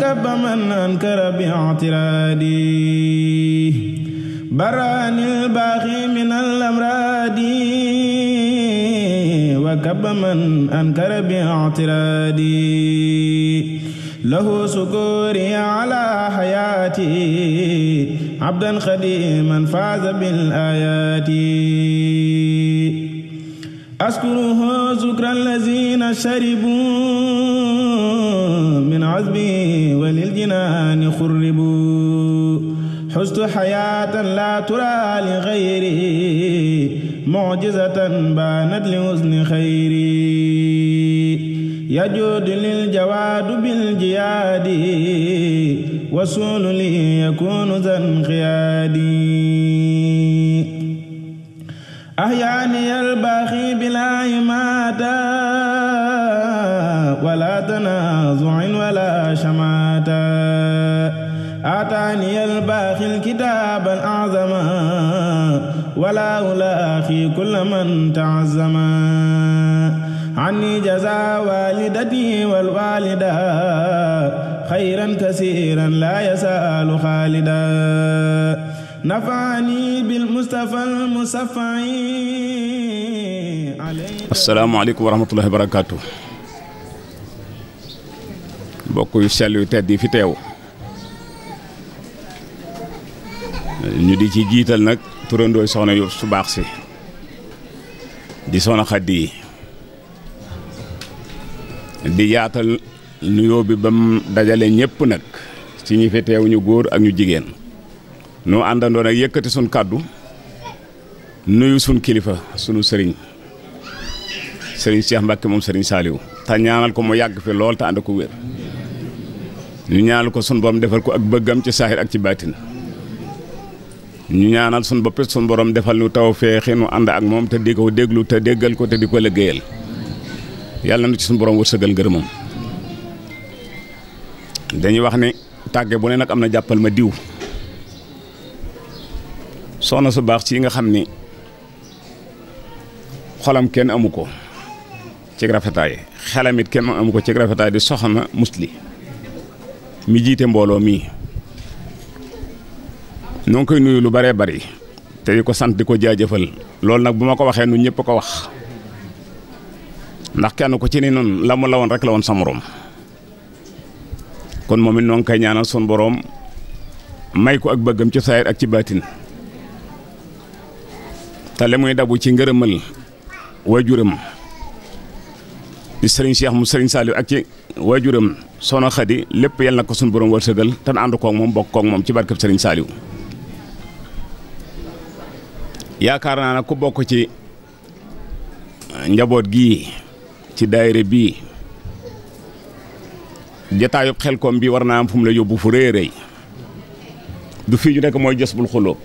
وتب من أنكر باعترادي برأ الباغي من الأمراض وكب من أنكر باعترادي له سكوري على حياتي عبدا خديما فاز بالآيات أشكره شكر الذين شربوا من عذبه وللجنان خربوا حزت حياة لا ترى لغيري معجزة بانت لحسن خيري يجود للجواد بالجياد وصول لي يكون ذا انقيادي أحياني الباخي بلا يماتا ولا تنازع ولا شماتا أعطاني الباخي الكتاب الأعظم ولا ألاخي كل من تعزم عني جزا والدتي والوالدة خيرا كثيرا لا يسأل خالدا نفعني بالمصطفى المصفى asalaamaaleykum wa rahmatullahi wa barakaatu mbokk yu sell yu tedd yi fi teew ñu di ci jiital nag turandooy soxna yu su baax si di soxna xaddi yi di yaatal nuyoo bi ba dajale ñëpp nag ci ñi fi teew ñu góor ak ñu jigéen nu àndandoo nag yëkkati suñ kàddu nuyu suñ kilifa sunu sëriñ sëriñ Cheikh Mbacke moom sëriñ Saliou te ñaanal ko mu yàgg fi lool te ànd ko wér ñu ñaanal ko sunu borom defal ko ak bëggam ci saaxir ak ci baatin ñu ñaanal sunu bopp sunu borom defal nu taw feexi nu ànd ak moom te di ko déglu te déggal ko te di ko liggéeyal yàlla na ci sunu borom wërsëgal ngërëmam dañuy wax ne tàgge bu ne nag am na jàppal ma diw soxna su baax ci nga xam ni xolam kenn amu ko ci rafetaay xelam it kenn amu ko ci rafetaay di soxna musli mi jiite mbooloo mii noo ngi koy nuyu lu baree bari te di ko sant di ko jaajëfal loolu nag bu ma ko waxee nu ñëpp ko wax ndax kenn ku ci ni noonu la mu la woon rek la woon sa morom kon moom it noo ngi ñaanal sun boroom may ko ak bëggam ci saayir ak ci baatin te li muy dabu ci ngërëmal waajuram di sëriñ Cheikh mu sëriñ Saliou ak ci waajuram soxna Xadi lépp yal na ko suñu borom wërsëgal te ànd koog moom bokk koog moom ci barkeb Serigne Saliou yaakaar naa nag ku bokk ci njaboot gii ci daayira bii xel koom bi war naa am fu mu la yóbbu fu rëy rëy du fii ñu nekk mooy jos bul xuloo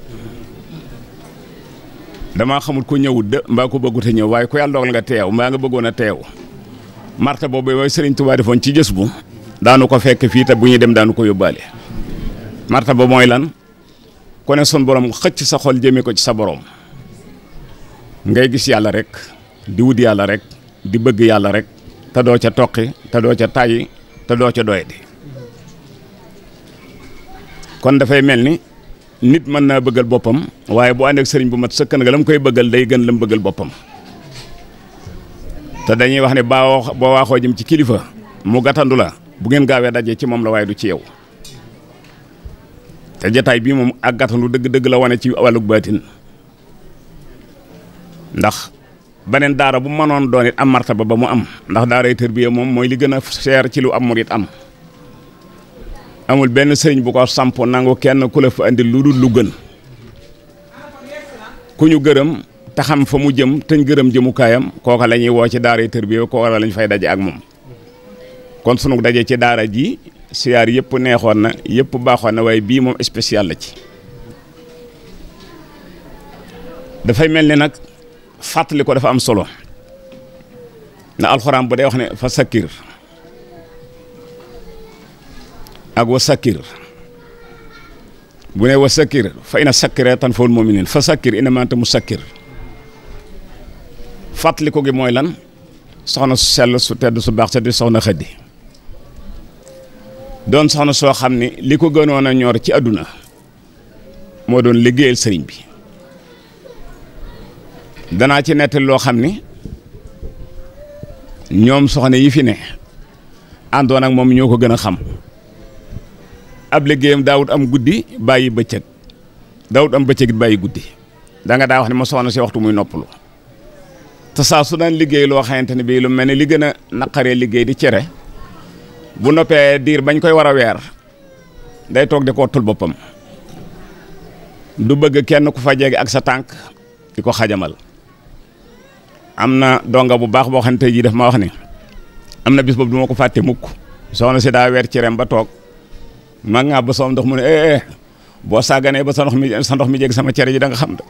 damaa xamul ku ñëwut de mbaa ko bëggut ñëw waaye ku yàlla dogal nga teew mbaa nga bëggoon a teew marta boobu mooy Serigne Touba defoon ci jës bu daanu ko fekk fii te bu ñu dem daanu ko yóbbaale martaba mooy lan kone ne sun borom xëcc sa xol jëmee ko ci sa borom ngay gis yàlla rek di wut yàlla rek di bëgg yàlla rek te doo ca toqi te doo ca tàyyi te doo ca doyati kon dafay mel ni nit mën naa bëggal boppam waaye bu ànd sëriñ bu mat sëkk nga la mu koy bëggal day gën la mu bëggal boppam te dañuy wax ne baa boo waaxoo jëm ci kilifa mu gatandu la bu ngeen gaawee dajee ci moom la waaye du ci yow te jataay bii moom ak gàttandu dëgg-dëgg la wane ci wàllu baatin ndax beneen daara bu mënoon doon am martaba ba ba mu am ndax daaray tërbiya moom mooy li gën a seer ci lu am murit am amul benn sëriñ bu ko samp nangu kenn ku la fa andi lu dul lu gën ku ñu gërëm te xam fa mu jëm teñ gërëm jëmukaayam kooka la ñuy woo ci daaray tërbiya kooka la ñu fay daje ak moom kon sunu dajee ci daara ji siyaar yëpp neexoon na yëpp baaxoon na waaye bii moom spécial la ci dafay mel ni nag fàttali ko dafa am solo na alxuraan bu day wax ne fa sakkir ak wa sakkir bu ne wa sakkir fa ina sakkira tan fawul muminin fa sakkir ina manta mu sakkir fàttali ko gi mooy lan soxna su sell su tedd su baax sa di soxna xëddi doon soxna soo xam ne li ko gënoon a ñor ci àdduna moo doon liggéeyal sëriñ bi danaa ci nettali loo xam ni ñoom soxna yi fi ne àndoon ak moom ñoo ko gën a xam ab liggéeyam daawut am guddi bàyyi bëccëg daawut am bëccëg it bàyyi guddi danga daa wax ni ma soxna si waxtu muy noppalu te saa su daan liggéey loo xamante ne bii lu mel ne li gën a naqaree liggéey di cere bu noppee diir bañ koy war a weer day toog di ko wattul boppam du bëgg kenn ku fa jege ak sa tànk di ko xajamal am na donga bu baax boo xam ne tey jii daf ma wax ni am na bis boobu du ma ko fàtte mukk soxna si daa weer ci rem ba toog ma nga ba soom ndox mu ne eh, eh boo sàgganee ba sa ndox mi sa ndox mi jég sama cere ji danga xam xam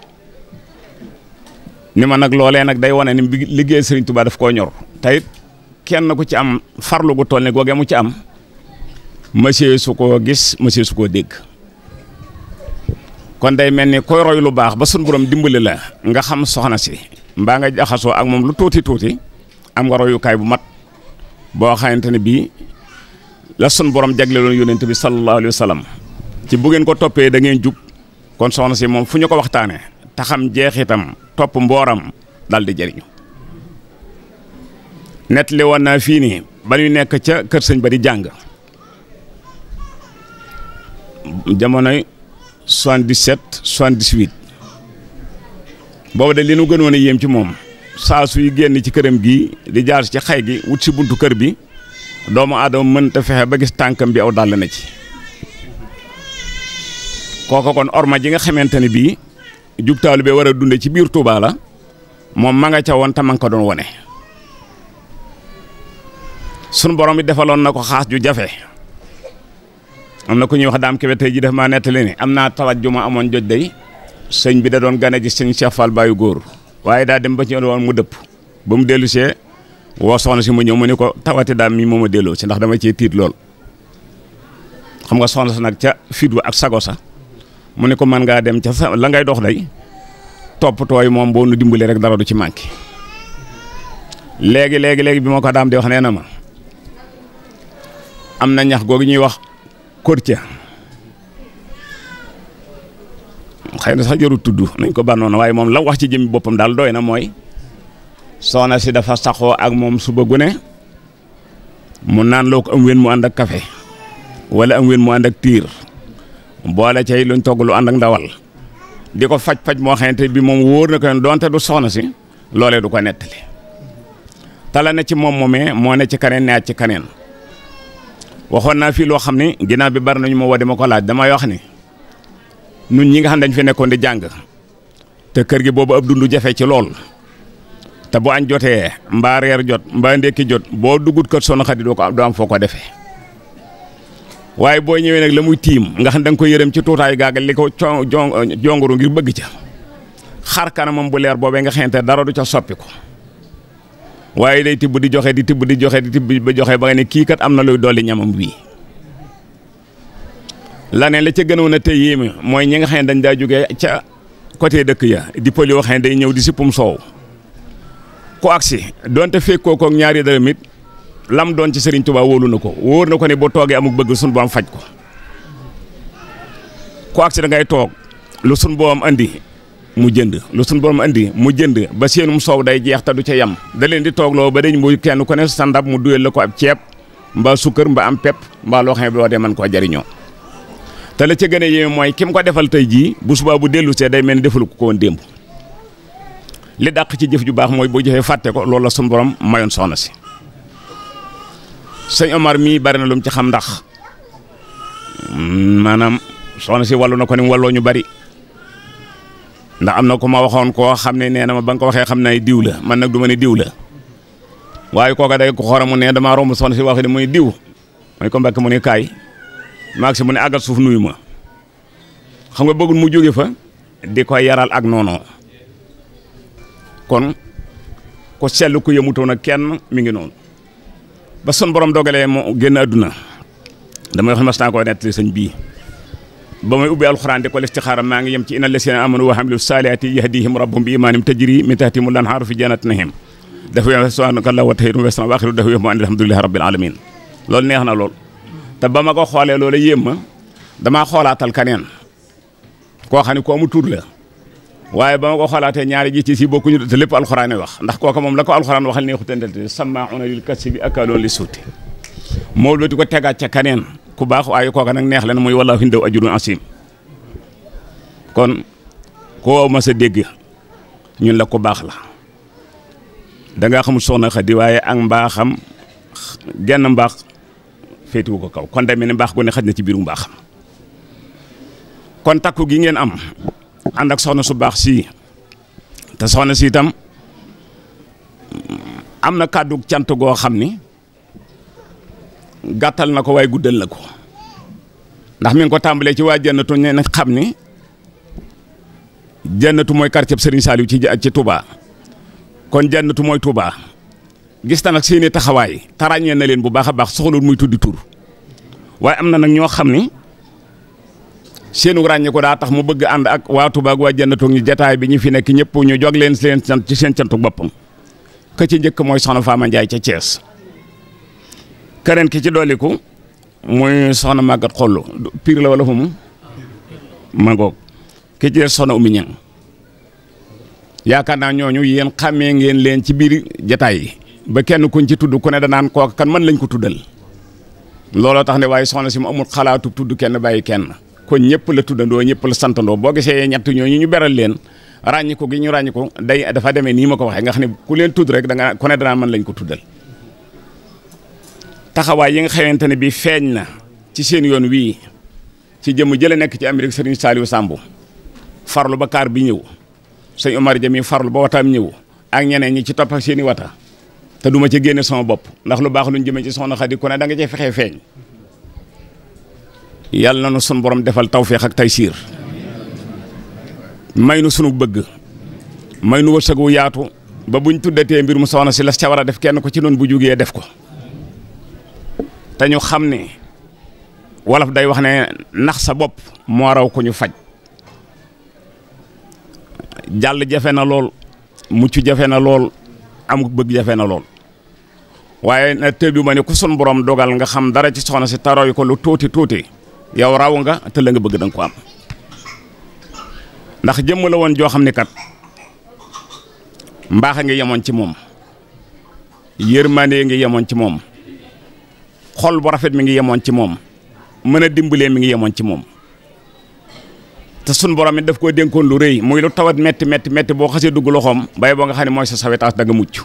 ni ma nag loolee nag day wane ni liggéey Sëriñ Tuubaa daf koo ñor tayit kenn ku ci am farlu gu toll ne googee mu ci am monsieur su koo gis monsieur su koo dégg kon day mel ni koy roy lu baax ba sun borom dimbali la nga xam soxna si mbaa nga jaxasoo ak moom lu tuuti tuuti am nga royukaay bu mat boo xamante ne bii la sun borom jagleeloon yónent bi sallallahu alayhi wa ci bu ngeen ko toppee da ngeen jub kon soxna si moom fu ñu ko waxtaanee te xam jeexitam topp mbooram dal di jëriñu. nettali woon naa fii nii ba ñu nekk ca kër sëñ ba di jàng jamonoy 77 78 boobu de li nu gënoon yéem ci moom saa yi génn ci këram gi di jaar ci xay gi wut si buntu kër bi doomu aadama mënta fexe ba gis tànkam bi aw dàll na ci kooko kon orma ji nga xamante ne bii jub taalibe war a dunde ci biir Touba la moom ma nga ca woon te ma nga ko doon wone sunu borom bi defaloon na ko xaas ju jafe am na ku ñuy wax daam kebe tey ji def maa nettali ni am naa tawat ju ma amoon jot day sëñ bi da doon gane ji sëñ Cheikh Fall baayu góor waaye daa dem ba ci woon mu dëpp ba mu dellu see woo soxna si mu ñëw mu ne ko tawati daam mii moom ma delloo si ndax dama cee tiit lool xam nga soxna sa nag ca fit wa ak sago sa mu ne ko man ngaa dem ca sa la ngay dox day toppatoo yi moom boo nu dimbalee rek dara du ci manqué léegi léegi léegi bi ma ko daam di nee na ma. am na ñax googu ñuy wax kortia xëy na sax joru tudd nañ ko bànnoona waaye moom la wax ci jëmmi boppam daal doy na mooy soxna si dafa saxoo ak moom suba gune mu naan loo ko am ween mu ànd ak kafe wala am ween mu ànd ak tiir boole cay luñ togg lu ànd ak ndawal di ko faj faj moo xamante bi moom wóor na ko yoon donte du soxna si loolee du ko nettali tala ne ci moom moomee moo ne ci kaneen ne ci kaneen waxoon naa fii loo xam ne ginaar bi bari nañu ma woo dama ko laaj damay wax ni nun ñi nga xam dañ fi nekkoon di jàng te kër gi boobu ab dund jafe ci lool te boo añ jotee mbaa reer jot mbaa ndekki jot boo dugut kër Soxna Xadi doo ko doo am foo ko defee waaye boo ñëwee nag la muy tiim nga xam da nga ko yërëm ci tuutaayu gaaga li ko jonguru ngir bëgg ca xar kanamam bu leer boobee nga xamante dara du ca soppi ko waaye day tibb di joxe di tibb di joxe di tibb ba joxe ba nga ne kii kat am na luy dolli ñamam bii la la ca gën a tey yéeme mooy ñi nga xam ne dañ daa jóge ca côté dëkk ya di pël yoo day ñëw di sippum soow ku agsi doonte donte koo ko ñaari dërëm it lam doon ci Serigne tubaa wóolu na ko wóor na ko ne bu toogee amuk bëgg sun boom faj ko ku agsi da ngay toog lu sun boom andi mu jënd lu suñ borom andi mu jënd ba seenum soow day jeex ta du ca yem da leen di loo ba ñu muy kenn ku ne sandab mu duyal la ko ab ceeb mbaa sukkër mbaa am pepp mbaa loo xam ne doo dee mën koo jariñoo te la ca gën a mooy ki ko defal tey jii bu subaa bu dellu see day mel ni defalu ko woon démb li daq ci jëf ju baax mooy boo joxee fàtte ko loolu la suñ borom mayoon soxna si sëñ Omar mii bari na lu ci xam ndax mm, maanaam soxna si wàllu na ko ni ñu bari ndax am na ko ma waxoon koo xam ne nee na ma ba nga ko waxee xam naa diw la man nag du ma ne diw la waaye kooka day ko xoram mu ne damaa romb soxna si wax ne muy diw mooy ko mbakk mu ne kaay maag si mu ne àggal suuf nuyu ma xam nga bëggul mu jóge fa di ko yaral ak noonu kon ku sell ku yëmutoon ak kenn mi ngi noonu ba sun borom dogalee mu génn àdduna damay wax ne mas naa koy nettali sëñ bii ba may ubbi alxuraan di ko listixaara maa ngi yem ci inna a amanu wa hamilu saalihaati yahdihim rabbum bi imanim tajri min tahtihim lanhaaru fi jannaatihim dafa yo subhanaka allah wa tahidum wesna waaxiru dafa yo mu an alhamdulilahi rabbil alamin loolu neex na lool te ba ma ko xoolee lool yéem ma damaa xoolaatal kaneen koo ne ko amu tur la waaye ba ma ko xoolaatee ñaari ji ci si bokkuñu te lépp alxuraan wax ndax kooka moom la ko alxuraan waxal neexu tendeltene sammaa'una lil kasibi akaloon ko tegaat ca kaneen ku baax waaye kooka nag neex leen muy wallaahu indahu ajrun asiim kon koo ma dégg ñun la ku baax la danga xamul soxna Xadi waaye ak mbaaxam genn mbaax féetuwu ko kaw kon demee ne mbaax gu ne xaj na ci biiru mbaaxam kon takku gi ngeen am ànd ak soxna su baax sii te soxna si itam am na kàddu cant goo xam ni gàttal na ko waaye guddal na ko ndax mi ko tàmbalee ci waa jannatu ne nag xam ni jannatu mooy quartier Serigne Saliou ci ci tubaa kon jannatu mooy Touba gis na nag seeni taxawaay tarañee na leen bu baax a baax soxlul muy tuddi tur waaye am na nag ñoo xam ni seenu ràññee ko daa tax mu bëgg ànd ak waa Touba ak waa jannatu ñu jataay bi ñu fi nekk ñëpp ñu jog leen seen cant ci seen cantuk boppam ka ci njëkk mooy soxna Fama Ndiaye ca cees keneen ki ci dolliku muy soxna màggat xollu piir la wala fa mu mangoog ki ci des soxna Oumy Niang yaakaar naa ñooñu yéen xàmmee ngeen leen ci biir jataay yi ba kenn kuñ ci tudd ku ne danaan kooku kan man lañ ko tuddal looloo tax ne waaye soxna si mu amul xalaatu tudd kenn bàyyi kenn kon ñëpp la tuddandoo ñëpp la santandoo boo gisee ñett ñooñu ñu beral leen ràññi gi ñu ràññi ko day dafa demee nii ma ko waxee nga xam ne ku leen tudd rek da nga ku man lañ ko tuddal taxawaay yi nga xamante ne bii feeñ na ci seen yoon wii ci jëmm jële nekk ci Amérique sëriñ Saliou Samb farlu ba kaar bi ñëw sëñ Omar Jami farlu ba wataam ñëw ak ñeneen ñi ci topp ak wata te duma ci génne suma bopp ndax lu baax luñ jëmee ci soxna Xadi ku ne da nga cee fexee feeñ yàlla na nu sun borom defal tawféex ak taysiir may nu sunu bëgg may nu wërsëgu yaatu ba buñ tuddatee mbir mu soxna si la ca war a def kenn ko ci noonu bu jugee def ko te ñu xam ne wolof day wax ne nax sa bopp moo raw ko ñu faj jàll jafe na lool mucc jafe na lool am bëgg jafe na lool waaye na tëju ma ne ku sun borom dogal nga xam dara ci soxna si taroy ko lu tuuti tuuti yow raw nga te la nga bëgg danga ko am ndax jëmm la woon joo xam ne kat mbaaxa a ngi yemoon ci moom yërmande ngi yemoon ci moom xol bu rafet mi ngi yemoon ci moom mën a dimbalee mi ngi yemoon ci moom te sun borom it daf koo dénkoon lu rëy muy lu tawat metti metti metti boo xasee dugg loxoom bay boo nga xam ne mooy sa sawetaas da nga mucc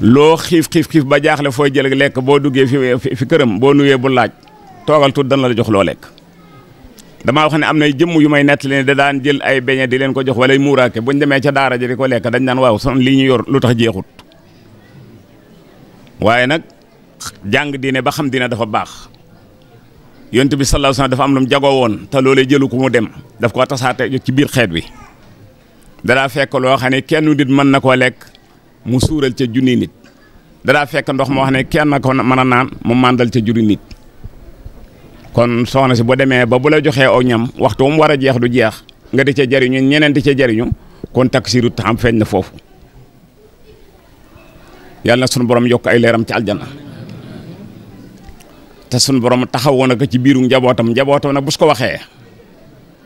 loo xiif xiif xiif ba jaaxle fooy jël lekk boo duggee fi fi këram boo nuyee bu laaj toogal tuut dana la jox loo lekk damaa wax ne am na jëmm yu may nettali ne da daan jël ay beñe di leen ko jox wala muuraake buñ demee ca daara ji di ko lekk dañ naan waaw son lii ñu yor lu tax jeexut waaye nag jàng diine ba xam diine dafa baax yont bi sallallahu alayhi dafa am lu mu jagoo woon te loolee jëlu ko mu dem daf koo tasaate ci biir xeet bi dadaa fekk loo xam ne kenn nit mën na koo lekk mu suural ca junni nit dadaa fekk ndox moo xam ne kenn ko mën a naan mu màndal ca juri nit kon soxna si boo demee ba bu la joxee aw ñam waxtu mu war a jeex du jeex nga di ca jariñu ñeneen di ca jariñu kon taksiru taam feeñ na foofu yàlla na sunu borom yokk ay leeram ci aljana te sunu borom taxawoon na ko ci biiru njabootam njabootam nag bu su ko waxee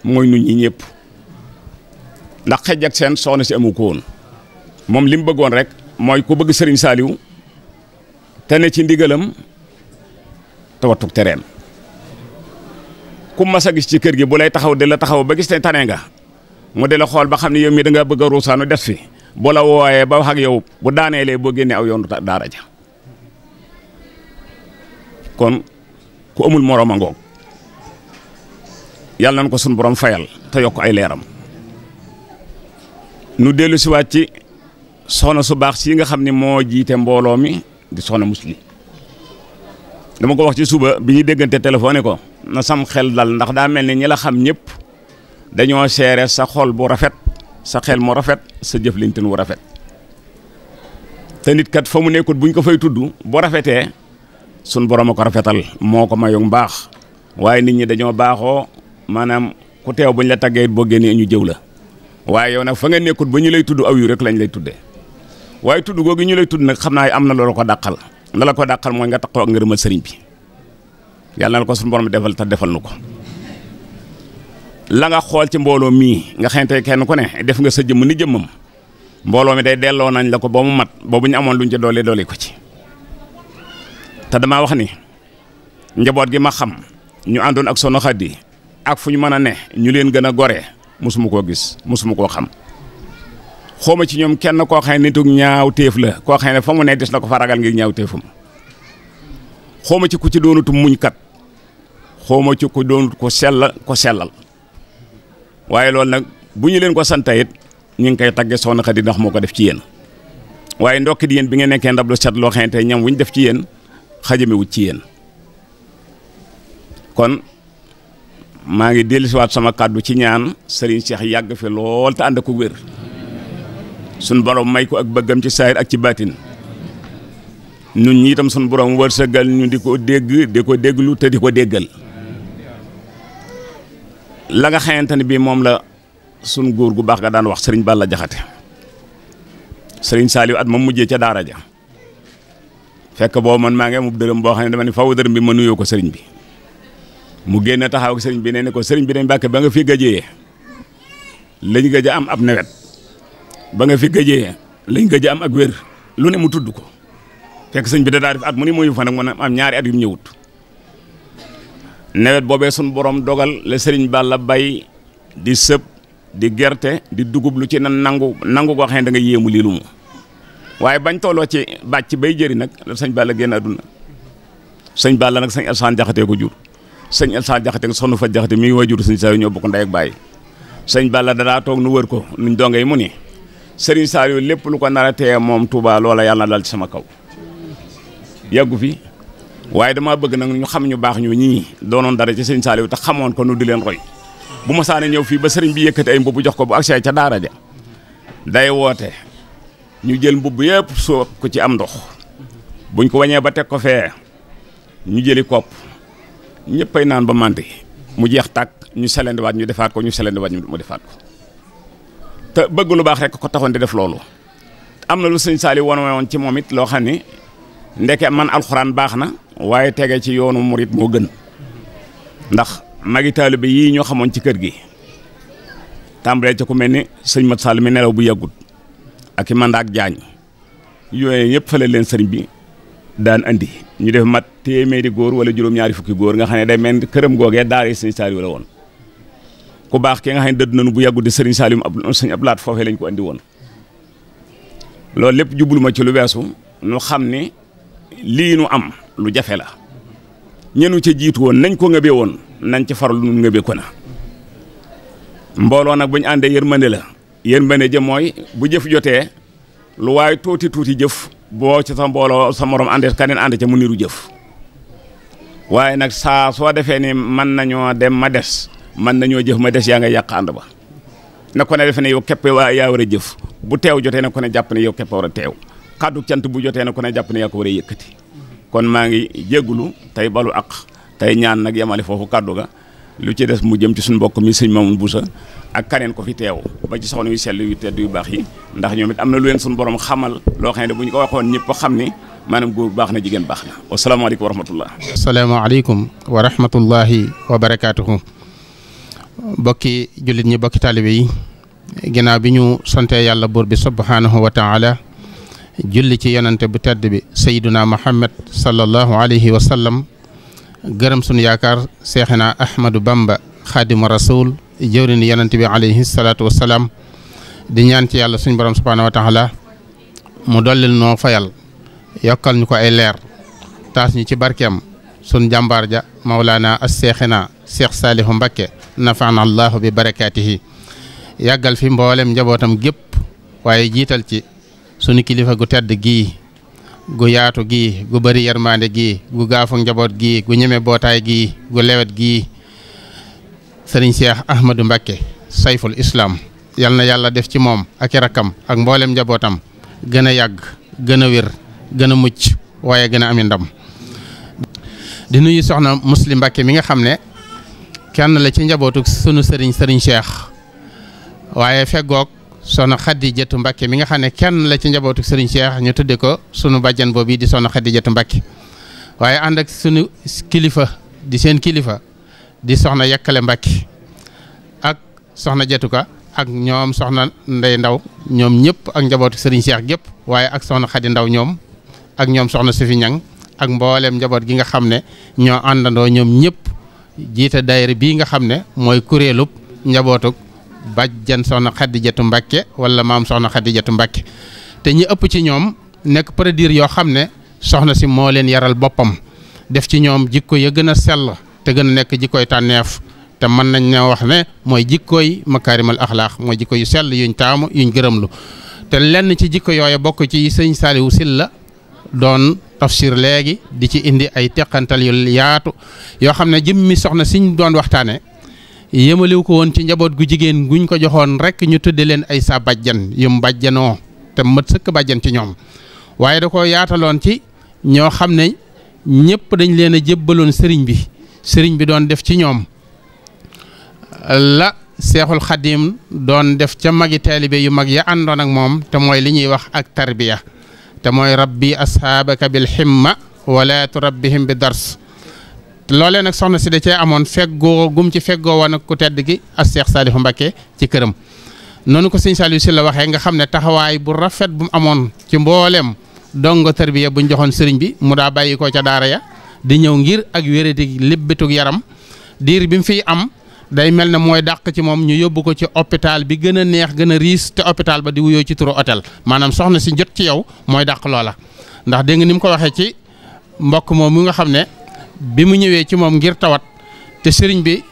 mooy nu ñi ñëpp ndax xëj ak seen soxna si amu ko woon moom li mu bëggoon rek mooy ku bëgg sëriñ saaliw te ne ci ndigalam te wattuk tereem ku mas ci kër gi bu lay taxaw di la taxaw ba gis ne tane nga mu di xool ba xam ne yow mii da ngaa bëgg a ruusaanu des fi boo la wooyee ba wax yow bu daanee daaneelee boo génnee aw yoonu daara ja kon ku amul moroom ngoog yàlla nañ ko suñu boroom fayal te yokk ay leeram nu dellu si waat ci soxna su baax si nga xam ni moo jiite mbooloo mi di soxna musli dama ko wax ci suba bi ñuy déggante téléphone ko na sam xel dal ndax daa mel ni ñi la xam ñépp dañoo seere sa xol bu rafet sa xel mu rafet sa jëflintin wu rafet te nit kat fa mu nekkut buñ ko fay tudd boo rafetee sun borom a ko rafetal moo ko mayoog baax waaye nit ñi dañoo baaxoo maanaam ku teew buñ la tàggee boo génnee ñu jëw la waaye yow nag fa nga nekkut ba ñu lay tudd aw yu rek lañ lay tuddee waaye tudd googu ñu lay tudd nag xam naa am na loola ko dàqal la la ko dàqal mooy nga tax taxaw ak ngërëmal sëriñ bi yàlla na ko suñu borom defal te defal nu ko. la nga xool ci mbooloo mii nga xamante kenn ku ne def nga sa jëmm ni jëmmam mbooloo mi day delloo nañ la ko ba mu mat ba bu ñu amoon luñ ci doole doole ko ci te damaa wax ni njaboot gi ma xam ñu àndoon ak sono xaddi ak fu ñu mën a ne ñu leen gën a gore mosuma koo gis mosuma koo xam xooma ci ñoom kenn koo xam ne ñaaw téef la koo xam ne fa mu ne des na ko fa ragal ngir ñaaw téefam xooma ci ku ci doonutu muñ kat xooma ci ko doonut ko sell ko sellal waaye loolu nag bu ñu leen ko santee it ñu ngi koy tagge soxna Xadi ndax moo ko def ci yéen waaye ndokki di yéen bi nga nekkee ndab lu set loo xamante ñam ñu def ci yéen xajame wut ci yéen kon maa ngi dellusiwaat sama kàddu ci ñaan Serigne seex yàgg fi lool te ànd ko wér sun borom may ko ak bëggam ci saayir ak ci baatin ñun ñi itam sun borom wërsëgal ñu di ko dégg di ko déglu te di ko déggal la nga xamante ne bii moom la sun góor gu baax nga daan wax sëriñ la Jaxate sëriñ Saaliw at ma mujjee ca daara ja fekk boobu man maa ngi mu dërëm boo xam ne dama ne faw dërëm bi ma nuyoo ko sëriñ bi mu génn taxaw ak sëriñ bi ne ne ko sëriñ bi dañ bàkke ba nga fi gëjee lañ gëj am ab nawet ba nga fi gëjee lañ gëj am ak wér lu ne mu tudd ko fekk sëriñ bi da daa def at mu ne mooyu fa nag mu am ñaari at yu mu ñëwut nawet boobee suñ borom dogal la sëriñ la bay di sëb di gerte di dugub lu ci nan nangu nangu koo xam ne da nga yéemu lii lu mu waaye bañ tolloo ci bàcc bay jëri nag la sëñ Balla génn àdduna sëñ Balla nag sëñ Alsaan ko jur sëñ Alsaan Jaxate fa Jaxate mi ngi waajur sëñ Saliou ñoo bokk ndey ak baay sëñ Balla danaa toog nu wër ko nuñ donge mu ni sëriñ Saliou lépp lu ko nar a teye moom Touba loola yàlla na dal ci sama kaw yàggu waaye damaa bëgg nag ñu xam ñu baax ñu ñii doonoon dara ci sëriñ Saliou te xamoon ko nu di leen roy bu ma saane ñëw fii ba sëriñ bi yëkkati ay mbubb jox ko bu agsee ca daara ja day woote ñu jël mbubb yépp soob ko ci am ndox buñ ko wañee ba teg ko fee ñu jëli kopp ñëppay naan ba màndi mu jeex tàkk ñu selendiwaat ñu defaat ko ñu selendiwaat ñu mu defaat ko te bëgg lu baax rekk ko taxoon di def loolu am na lu sëñ Saliou wane woon ci moom it loo xam ni ndekke man alxuraan baax na waaye tege ci yoonu murit moo gën ndax magi taalibe yii ñoo xamoon ci kër gi tàmbalee ca ku mel ni sëñ Mat Sall mi nelaw bu yàggut ak i mandaak jaañ yooyu yëpp fële leen sëriñ bi daan indi ñu def mat téeméeri góor wala juróom-ñaari fukki góor nga xam ne day mel këram googee daa sëñ Saliou la woon baax ki nga xam ne dëdd nañu bu yàggut di sëriñ Saliou ab sëñ ab laat foofee lañ ko andi woon loolu lépp jublu ci lu weesu nu xam ni lii nu am lu jafe la ñenu ca jiitu woon nañ ko ngëbe woon nañ ca farlu nu ngëbe ko na mbooloo nag buñ ñu àndee yërmande la yërmande ja mooy bu jëf jotee lu waaye tuuti tuuti jëf boo ca sa mbooloo sa moroom àndee kaneen ànd ca mu niru jëf waaye nag saa soo defee ni mën nañoo dem ma des mën nañoo jëf ma des yaa nga yàq ànd ba na ko defe ne yow képp waa yaa war a jëf bu teew jotee na ko ne jàpp ne yow képp war a teew kaddu cant bu jotee na ku ne jàpp ne yaa ko war a kon maa ngi jéggulu tey balu ak tey ñaan nag yemale foofu kàddu ga lu ci des mu jëm ci suñu mbokk mi sëñ Mamoun Boussa ak kaneen ko fi teew ba ci soxna yu sell yu tedd yu baax yi ndax ñoom it am na lu leen suñu borom xamal loo xam ne bu ñu ko waxoon ñëpp ko xam ni maanaam góor baax na jigéen baax na wasalaamaaleykum wa rahmatullah asalaamaaleykum wa rahmatullahi wa barakaatuhu bokki jullit ñi bokki taalibe yi ginnaaw bi ñu sante yàlla buur bi subhanahu wa taala julli ci yonante bu tedd bi sayyiduna muhammad sallallahu alayhi wa sallam gërëm sunu yaakaar seexina ahmadu bamba xaadimu rasul jëwrin yonante bi alayhi salaatu wa salaam di ñaan ci yàlla suñ borom subhaanahu wa taala mu dollil noo fayal yokkal ñu ko ay leer taas ñu ci barkeem sun jàmbaar ja mawlaana as seexina seex saalihu mbakke nafaana allahu bi barakaatihi yàggal fi mboolem njabootam gépp waaye jiital ci sunu kilifa gu tedd gii gu yaatu gii gu bari yermande gii gu gaafu njaboot gii gu ñeme bootaay gii gu lewet gii sëriñ Cheikh Ahmadou Mbacké sayful islaam yal na yàlla def ci moom ak i rakkam ak mboolem njabootam gën a yàgg gën a wér gën a mucc waaye gën a ami ndam di nuyu soxna Muslim Mbacké mi nga xam ne kenn la ci njabootu sunu sëriñ sëriñ Cheikh waaye feggoog soxna Xadijatu Mbàkke mi nga xam ne kenn la ci njabootu Serigne Cheikh ñu tudde ko sunu bàjjan boobu di soxna Xadijatu Mbàkke waaye ànd ak sunu kilifa di seen kilifa di soxna Yakkale Mbàkke ak soxna Jatuka ak ñoom soxna Ndey Ndaw ñoom ñëpp ak njabootu Serigne Cheikh gépp waaye ak soxna Xadi Ndaw ñoom ak ñoom soxna Sufi ak mbooleem njaboot gi nga xam ne ñoo àndandoo ñoom ñëpp jiite daayira bii nga xam ne mooy kuréelub njabootuk bàjjan soxna xadijatu mbàkke wala maam soxna xadijatu mbàkke te ñi ëpp ci ñoom nekk prédire yoo xam ne soxna si moo leen yaral boppam def ci ñoom jikko ya gën a sell te gën a nekk jikkooy tànneef te man nañ ne wax ne mooy jikkooy makaarimal axlaax mooy jikko yu sell yuñ taamu yuñ gërëmlu te lenn ci jikko yooyu bokk ci sëñ Saliou Sylla doon tafsir léegi di ci indi ay teqantal yu yaatu yoo xam ne jëmmi soxna siñ doon waxtaane yëmaliw ko woon ci njaboot gu jigéen guñ ko joxoon rekk ñu tudde leen ay saa bàjjan yum bàjjanoo te mat sëkk bàjjan ci ñoom waaye da ko yaataloon ci ñoo xam ne ñëpp dañ leen a jébbaloon sëriñ bi sëriñ bi doon def ci ñoom la seexul xadim doon def ca magi taalibe yu mag ya àndoon ak moom te mooy li ñuy wax ak tarbiya te mooy rabbi ashaabaka bil himma wala turabbihim bi dars loolee nag soxna si da cee amoon feggoo gum ci feggoo woon ak ku tedd gi as Seex Saalihu Mbakke ci këram noonu ko siñ Saalihu si la waxee nga xam ne taxawaay bu rafet bu mu amoon ci mbooleem dongo tarbiya bu ñu joxoon sëriñ bi mu daa bàyyi ko ca daara ya di ñëw ngir ak wéréti libbitug yaram diir bi mu fiy am day mel ne mooy dàq ci moom ñu yóbbu ko ci hôpital bi gën a neex gën a riis te hôpital ba di wuyoo ci turu hôtel maanaam soxna si jot ci yow mooy dàq loola ndax dégg ci mbokk moom mi nga xam ne bi mu ñëwee ci moom ngir tawat te sëriñ bi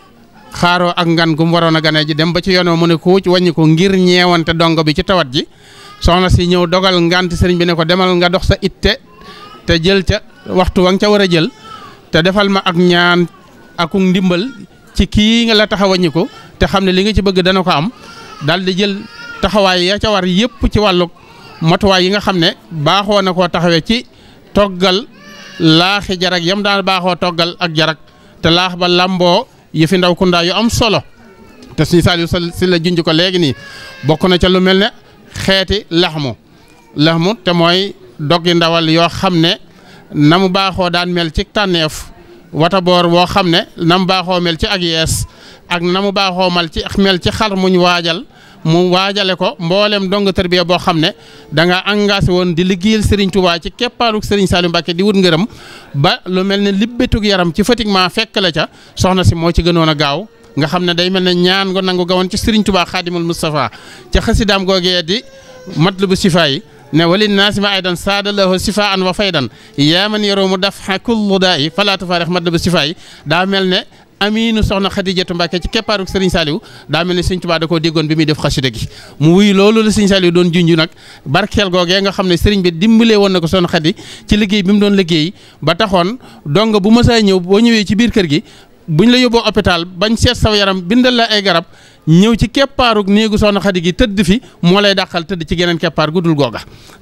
xaaroo ak ngan gu waroon a ganee ji dem ba ci yoon mu ne ko wàññi ko ngir ñeewante dongo bi ci tawat ji soxna si ñëw dogal ngant sëriñ bi ne ko demal nga dox sa itte te jël ca waxtu wa nga ca war a jël te defal ma ak ñaan aku ndimbal ci kii nga la tax a wàññi ko te xam ne li nga ci bëgg dana ko am daal di jël taxawaay ya ca war yépp ci wàllu matuwaay yi nga xam ne baaxoo na koo taxawee ci toggal laaxi jarak yam daan baaxoo toggal ak jarag te laax ba làmboo yëfi ndaw kundaa yu am solo te suñu Saliou si la junj ko léegi nii bokk na ca lu mel ne xeeti laxmu laxmu te mooy doggi ndawal yoo xam ne na mu baaxoo daan mel ci tànneef wata boor woo xam ne na baaxoo mel ci ak yees ak na mu baaxoo mal ci mel ci xar muñ waajal mu waajale ko mboolem dong tarbiya boo xam ne da nga engagé woon di liggéeyal Serigne Touba ci keppaaluk Serigne Saliou Mbacké di wut ngërëm ba lu mel ne libbetug yaram ci Fatick maa fekk la ca soxna si moo ci gënoon a gaaw nga xam ne day mel ne ñaan go nangu gawoon ci Serigne Touba Xaadimul Moustapha ca xasidaam googee di matlubu sifa yi ne wali naasi ma aydan saadalahu sifa an wa faydan yaa man mu daf kullu daa yi falaatu faarix matlubu sifa yi daa mel ne amiinu soxna Xadijatu Mbàkke ci keppaaruk Serigne Saliou daa mel ne Serigne Touba da koo déggoon bi muy def xasida gi mu wuy loolu la Serigne Saliou doon junj nag barkeel googee nga xam ne Serigne bi dimbalee woon na ko soxna Xadi ci liggéey bi mu doon liggéey ba taxoon dong bu mësaa ñëw boo ñëwee ci biir kër gi buñ la yóbboo hôpital bañ seet sa yaram bindal la ay garab ñëw ci keppaaruk néegu soxna Xadi gi tëdd fi moo lay dàqal tëdd ci geneen keppaa gu dul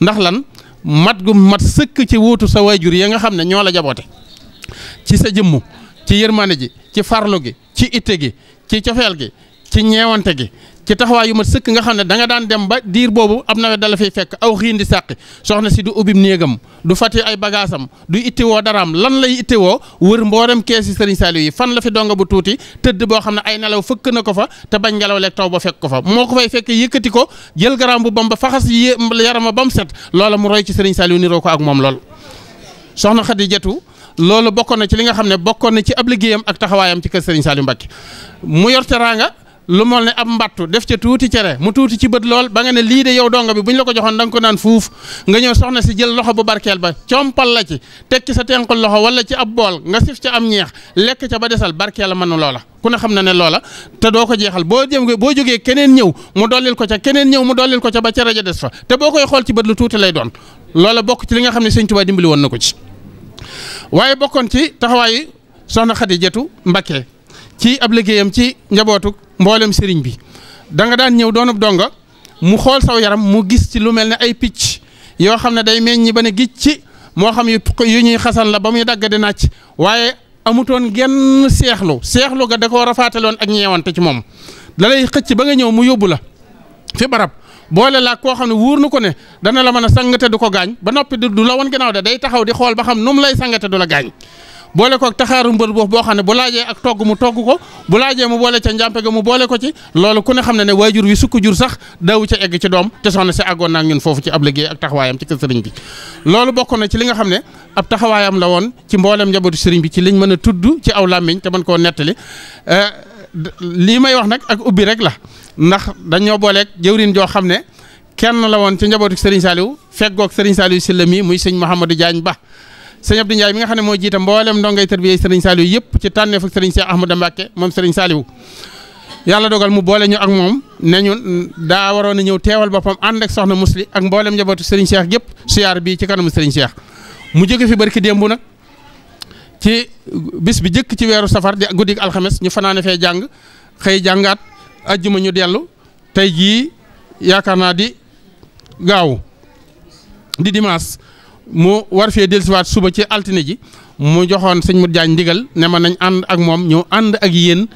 ndax lan mat gu mat sëkk ci wóotu sa waajur ya nga xam ne ñoo la jaboote ci sa jëmm ci yërmande ji ci farlu gi ci itte gi ci cofeel gi ci ñeewante gi ci taxawaay yu ma sëkk nga xam ne da nga daan dem ba diir boobu ab nawet dala fiy fekk aw xiin di sàqi soxna si du ubbim néegam du fàtte ay bagaasam du ittiwoo daraam lan lay ittiwoo wër mboolem kees yi sëriñ Saliou yi fan la fi donga bu tuuti tëdd boo xam ne ay nelaw fëkk na ko fa te bañ ngelaw leeg taw ba fekk ko fa moo ko fay fekk yëkkati ko jël garaam bu bam ba faxas yarama bam set loola mu roy ci sëriñ niroo ko ak moom lool soxna Xadijatu loolu bokkoon na ci li nga xam ne bokkoon na ci ab liggéeyam ak taxawaayam ci kër Serigne Saliou Mbacké mu yor teraanga lu mol ne ab mbattu def ca tuuti cere mu tuuti ci bët lool ba nga ne lii de yow donga bi bu ñu la ko joxoon danga ko naan fuuf nga ñëw soxna si jël loxo bu barkeel ba compal la ci tekki sa tenqul loxo wala ci ab bool nga sif ca am ñeex lekk ca ba desal barkeel a mënu loola ku ne xam ne ne loola te doo ko jeexal boo jëm boo jógee keneen ñëw mu dollil ko ca keneen ñëw mu dollil ko ca ba ca rajo des te boo koy xool ci tuuti lay doon loola bokk ci li nga xam ne Sëñ Tuubaa dimbali woon na ko ci waaye bokkoon ci taxawaayu soxna Xadijatu Mbakke ci ab liggéeyam ci njabootu mboolem sëriñ bi da nga daan ñëw doonub donga mu xool saw yaram mu gis ci lu mel ni ay picc yoo xam ne day meññi ba ne gij ci moo xam yu ñuy xasan la ba muy dagg di nàcc waaye amutoon genn seexlu seexlu ga da ko rafaataloon ak ñeewante ci moom da lay xëcc ba nga ñëw mu yóbbu la fi barab. boole laa koo xam ne wóor na ko ne dana la mën a sangate du ko gaañ ba noppi du la wan ginnaaw de day taxaw di xool ba xam nu mu lay sangate du la gaañ boole ko ak taxaaru mbër boobu boo xam ne bu laajee ak togg mu togg ko bu laajee mu boole ca njàmpe ga mu boole ko ci loolu ku ne xam ne ne waajur wi sukk jur sax daawu ca egg ci doom te soxna si àggoon naa ñun foofu ci ab liggéey ak taxawaayam ci kër sëriñ bi loolu bokk na ci li nga xam ne ab taxawaayam la woon ci mboolem njabootu sëriñ bi ci liñ mën a tudd ci aw làmmiñ te mën koo nettali eh, lii may wax nag ak ubbi rek la ndax dañoo booleeg jëwriñ joo xam ne kenn la woon ci njabootu Serigne Saliou feggoog Serigne Saliou Sylla mi muy sëñ Mouhamadou Diagne Ba sëñ Abdou Ndiaye mi nga xam ne moo jiite mboolem ndongay tarbiyee Serigne Saliou yëpp ci tànneef ak Serigne Cheikh Ahmadou Mbacké moom Serigne Saliou yàlla dogal mu boole ñu ak moom ne ñun daa waroon a ñëw teewal boppam ànd ak soxna Musli ak mboolem njabootu Serigne seex yëpp siyaar bii ci kanamu Serigne seex mu jóge fi barki démb nag ci bis bi jëkk ci weeru safar di guddi alxames ñu fanaane fee jàng xëy jàngaat ajjuma ñu dellu tey jii yaakaar naa di gaaw di dimanche mu war fee dellusiwaat suba ci altine ji mu joxoon sëñ Modou Diagne ndigal ne ma nañ ànd ak moom ñëw ànd ak yéen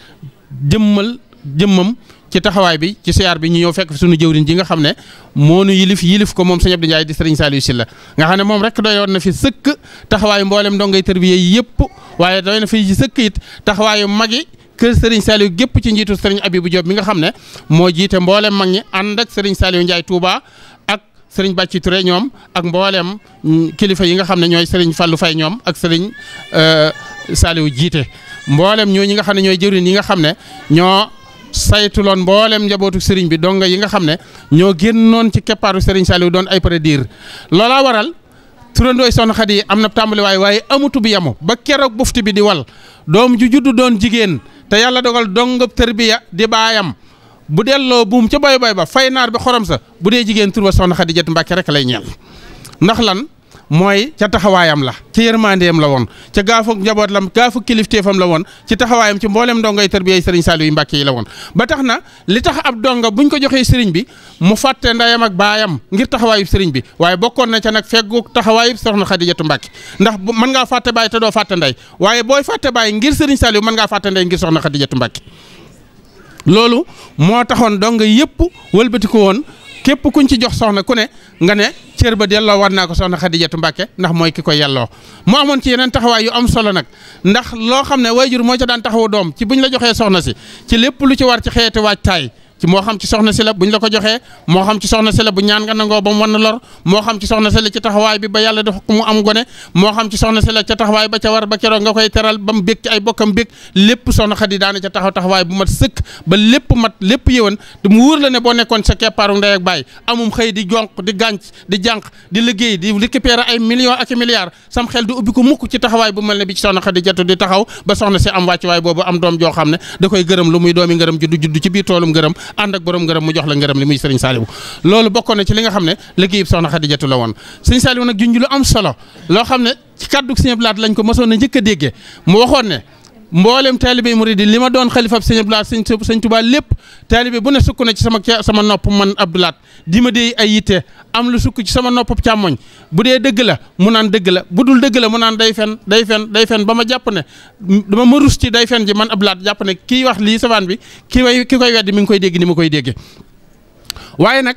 jëmmal jëmmam ci taxawaay bi ci siyaar bi ñu ñëw fekk fi suñu jëwriñ ji nga xam ne moo nu yilif yilif ko moom sëñ Abdou Ndiaye di sëriñ Saliou Sylla nga xam ne moom rek doyoon na fi sëkk taxawaayu mboolem ndongay tërbiye yëpp waaye doy na fi sëkk it taxawaayu magi kër Serigne Saliou gépp ci njiitu Serigne Abibou Diop mi nga xam ne moo jiite mboolem mag ñi ànd ak Serigne Saliou Ndiaye Touba ak Serigne Bàcci Touré ñoom ak mboolem kilifa yi nga xam ne ñooy Serigne Fallou fay ñoom ak Serigne euh, Saliou jiite mboolem ñoo ñi nga xam ne ñooy jëwriñ yi nga xam ne ñoo saytuloon mboolem njabootu Serigne bi donga yi nga xam ne ñoo génnoon ci keppaaru Serigne Saliou doon ay prédire loola waral. turandooy soxna Xadi am na tàmbaliwaay waaye amutu bi yamu ba keroog bufti bi di wal doom doon jigéen te yàlla dogal dongab tërbiya di baayam bu delloo buum ca boy boy ba fay naar bi xorom sax bu dee jigéen tur ba soxna jet Mbàkke rek lay ñeel ndax lan mooy ca taxawaayam la ca yërmandeem la woon ca gaafu njaboot la gaafu kilifteefam la woon ci taxawaayam ci mboolem ndongoy tarbiyay sëriñ Saliou yu Mbàkke yi la woon ba tax na li tax ab donga buñ ko joxee sëriñ bi mu fàtte ndayam ak baayam ngir taxawaayub sëriñ bi waaye bokkoon na ca nag feggu taxawaayub soxna Xadijatu Mbàkke ndax mën nga fàtte baay te doo fàtte nday waaye booy fàtte baay ngir sëriñ Saliou mën ngaa fàtte nday ngir soxna Xadijatu Mbàkke loolu moo taxoon donga yëpp wëlbatiku woon képp kuñ ci jox soxna ku ne nga ne cër ba delloo war naa ko soxna Xadijatu Mbàkke ndax mooy ki koy yelloo mu amoon ci yeneen taxawaay yu am solo nag ndax loo xam ne waajur moo ca daan taxawu doom ci buñ la joxee soxna si ci lépp lu ci war ci xeeti taay ci moo xam ci soxna si la buñ la ko joxee moo xam ci soxna si bu ñaan nga nangoo ba mu wan lor moo xam ci soxna si la ci taxawaay bi ba yàlla def ko mu am gone moo xam ci soxna si la taxawaay ba ca war ba keroog nga koy teral ba mu bég ci ay bokkam bég lépp soxna Xadi daana ca taxaw taxawaay bu mat sëkk ba lépp mat lépp yëwan te mu wóor la ne boo nekkoon sa keppaaru ndey ak baay amum xëy di jonq di gànc di jànq di liggéey di récupérer ay millions ak milliards sam xel di ubbi ko mukk ci taxawaay bu mel ne bi ci soxna Xadi jatu di taxaw ba soxna si am wàccuwaay boobu am doom xam ne da koy gërëm lu muy doomi ngërëm juddu juddu ci biir toolum gërëm ànd ak borom ngërëm mu jox la ngërëm li muy sëriñ Saliou loolu bokkoon na ci li nga xam ne liggéeyub soxna Xadijatu la woon sëriñ Saliou nag junj lu am solo loo xam ne ci kàddu Sëriñ Abdou Lahad lañ ko mosoon na njëkk a mu waxoon ne mboolem taalibe muridi li ma doon xalifa sëñ Abdou Lahad sëñ sëñ lépp taalibe bu ne sukk na ci sama sama nopp man Abdou di ma dee ay yitte am lu sukk ci sama nopp càmmoñ bu dee dëgg la mu naan dëgg la bu dul dëgg la mu naan day fen day fen day fen ba ma jàpp ne dama ma rus ci day fen ji man Abdou Lahad jàpp ne kii wax lii safaan bi ki koy ki koy weddi mi ngi koy dégg ni ma koy déggee waaye nag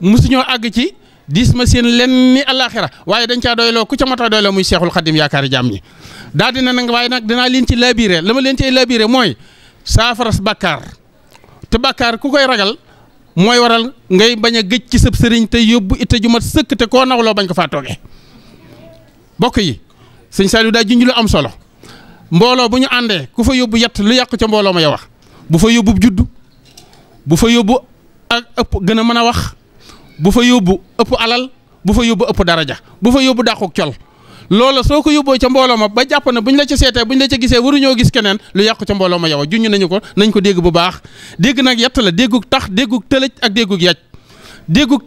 mosuñoo àgg ci dis ma seen lenn ni àllaaxira waaye dañ caa doyloo ku ca mata doyloo muy seexul xadim yaakaari jàmm ñi daal dina nag waaye nag dinaa leen ci labiré la ma leen ci labiré mooy saafaras bàkkaar te bàkkaar ku koy ragal mooy waral ngay bañ a gëj ci sëb sëriñ te yóbbu itte ju mat sëkk te koo nawloo bañ ko faa toogee bokk yi sëñ Saliou daa junj lu am solo mbooloo bu ñu àndee ku fa yóbbu yett lu yàq ca mbooloo ma ya wax bu fa yóbbu juddu bu fa yóbbu ak ëpp gën a mën a wax bu fa yóbbu ëpp alal bu fa yóbbu ëpp daraja bu fa yóbbu dàquk col loola soo ko yóbboo ca mbooloo ma ba jàpp na buñ la ca seetee buñ la ca gisee waruñoo gis keneen lu yàqu ca mbooloo ma yow nañu ko nañ ko dégg bu baax dégg nag yett la déggug tax déggug tëlëj ak déggug yaj déggug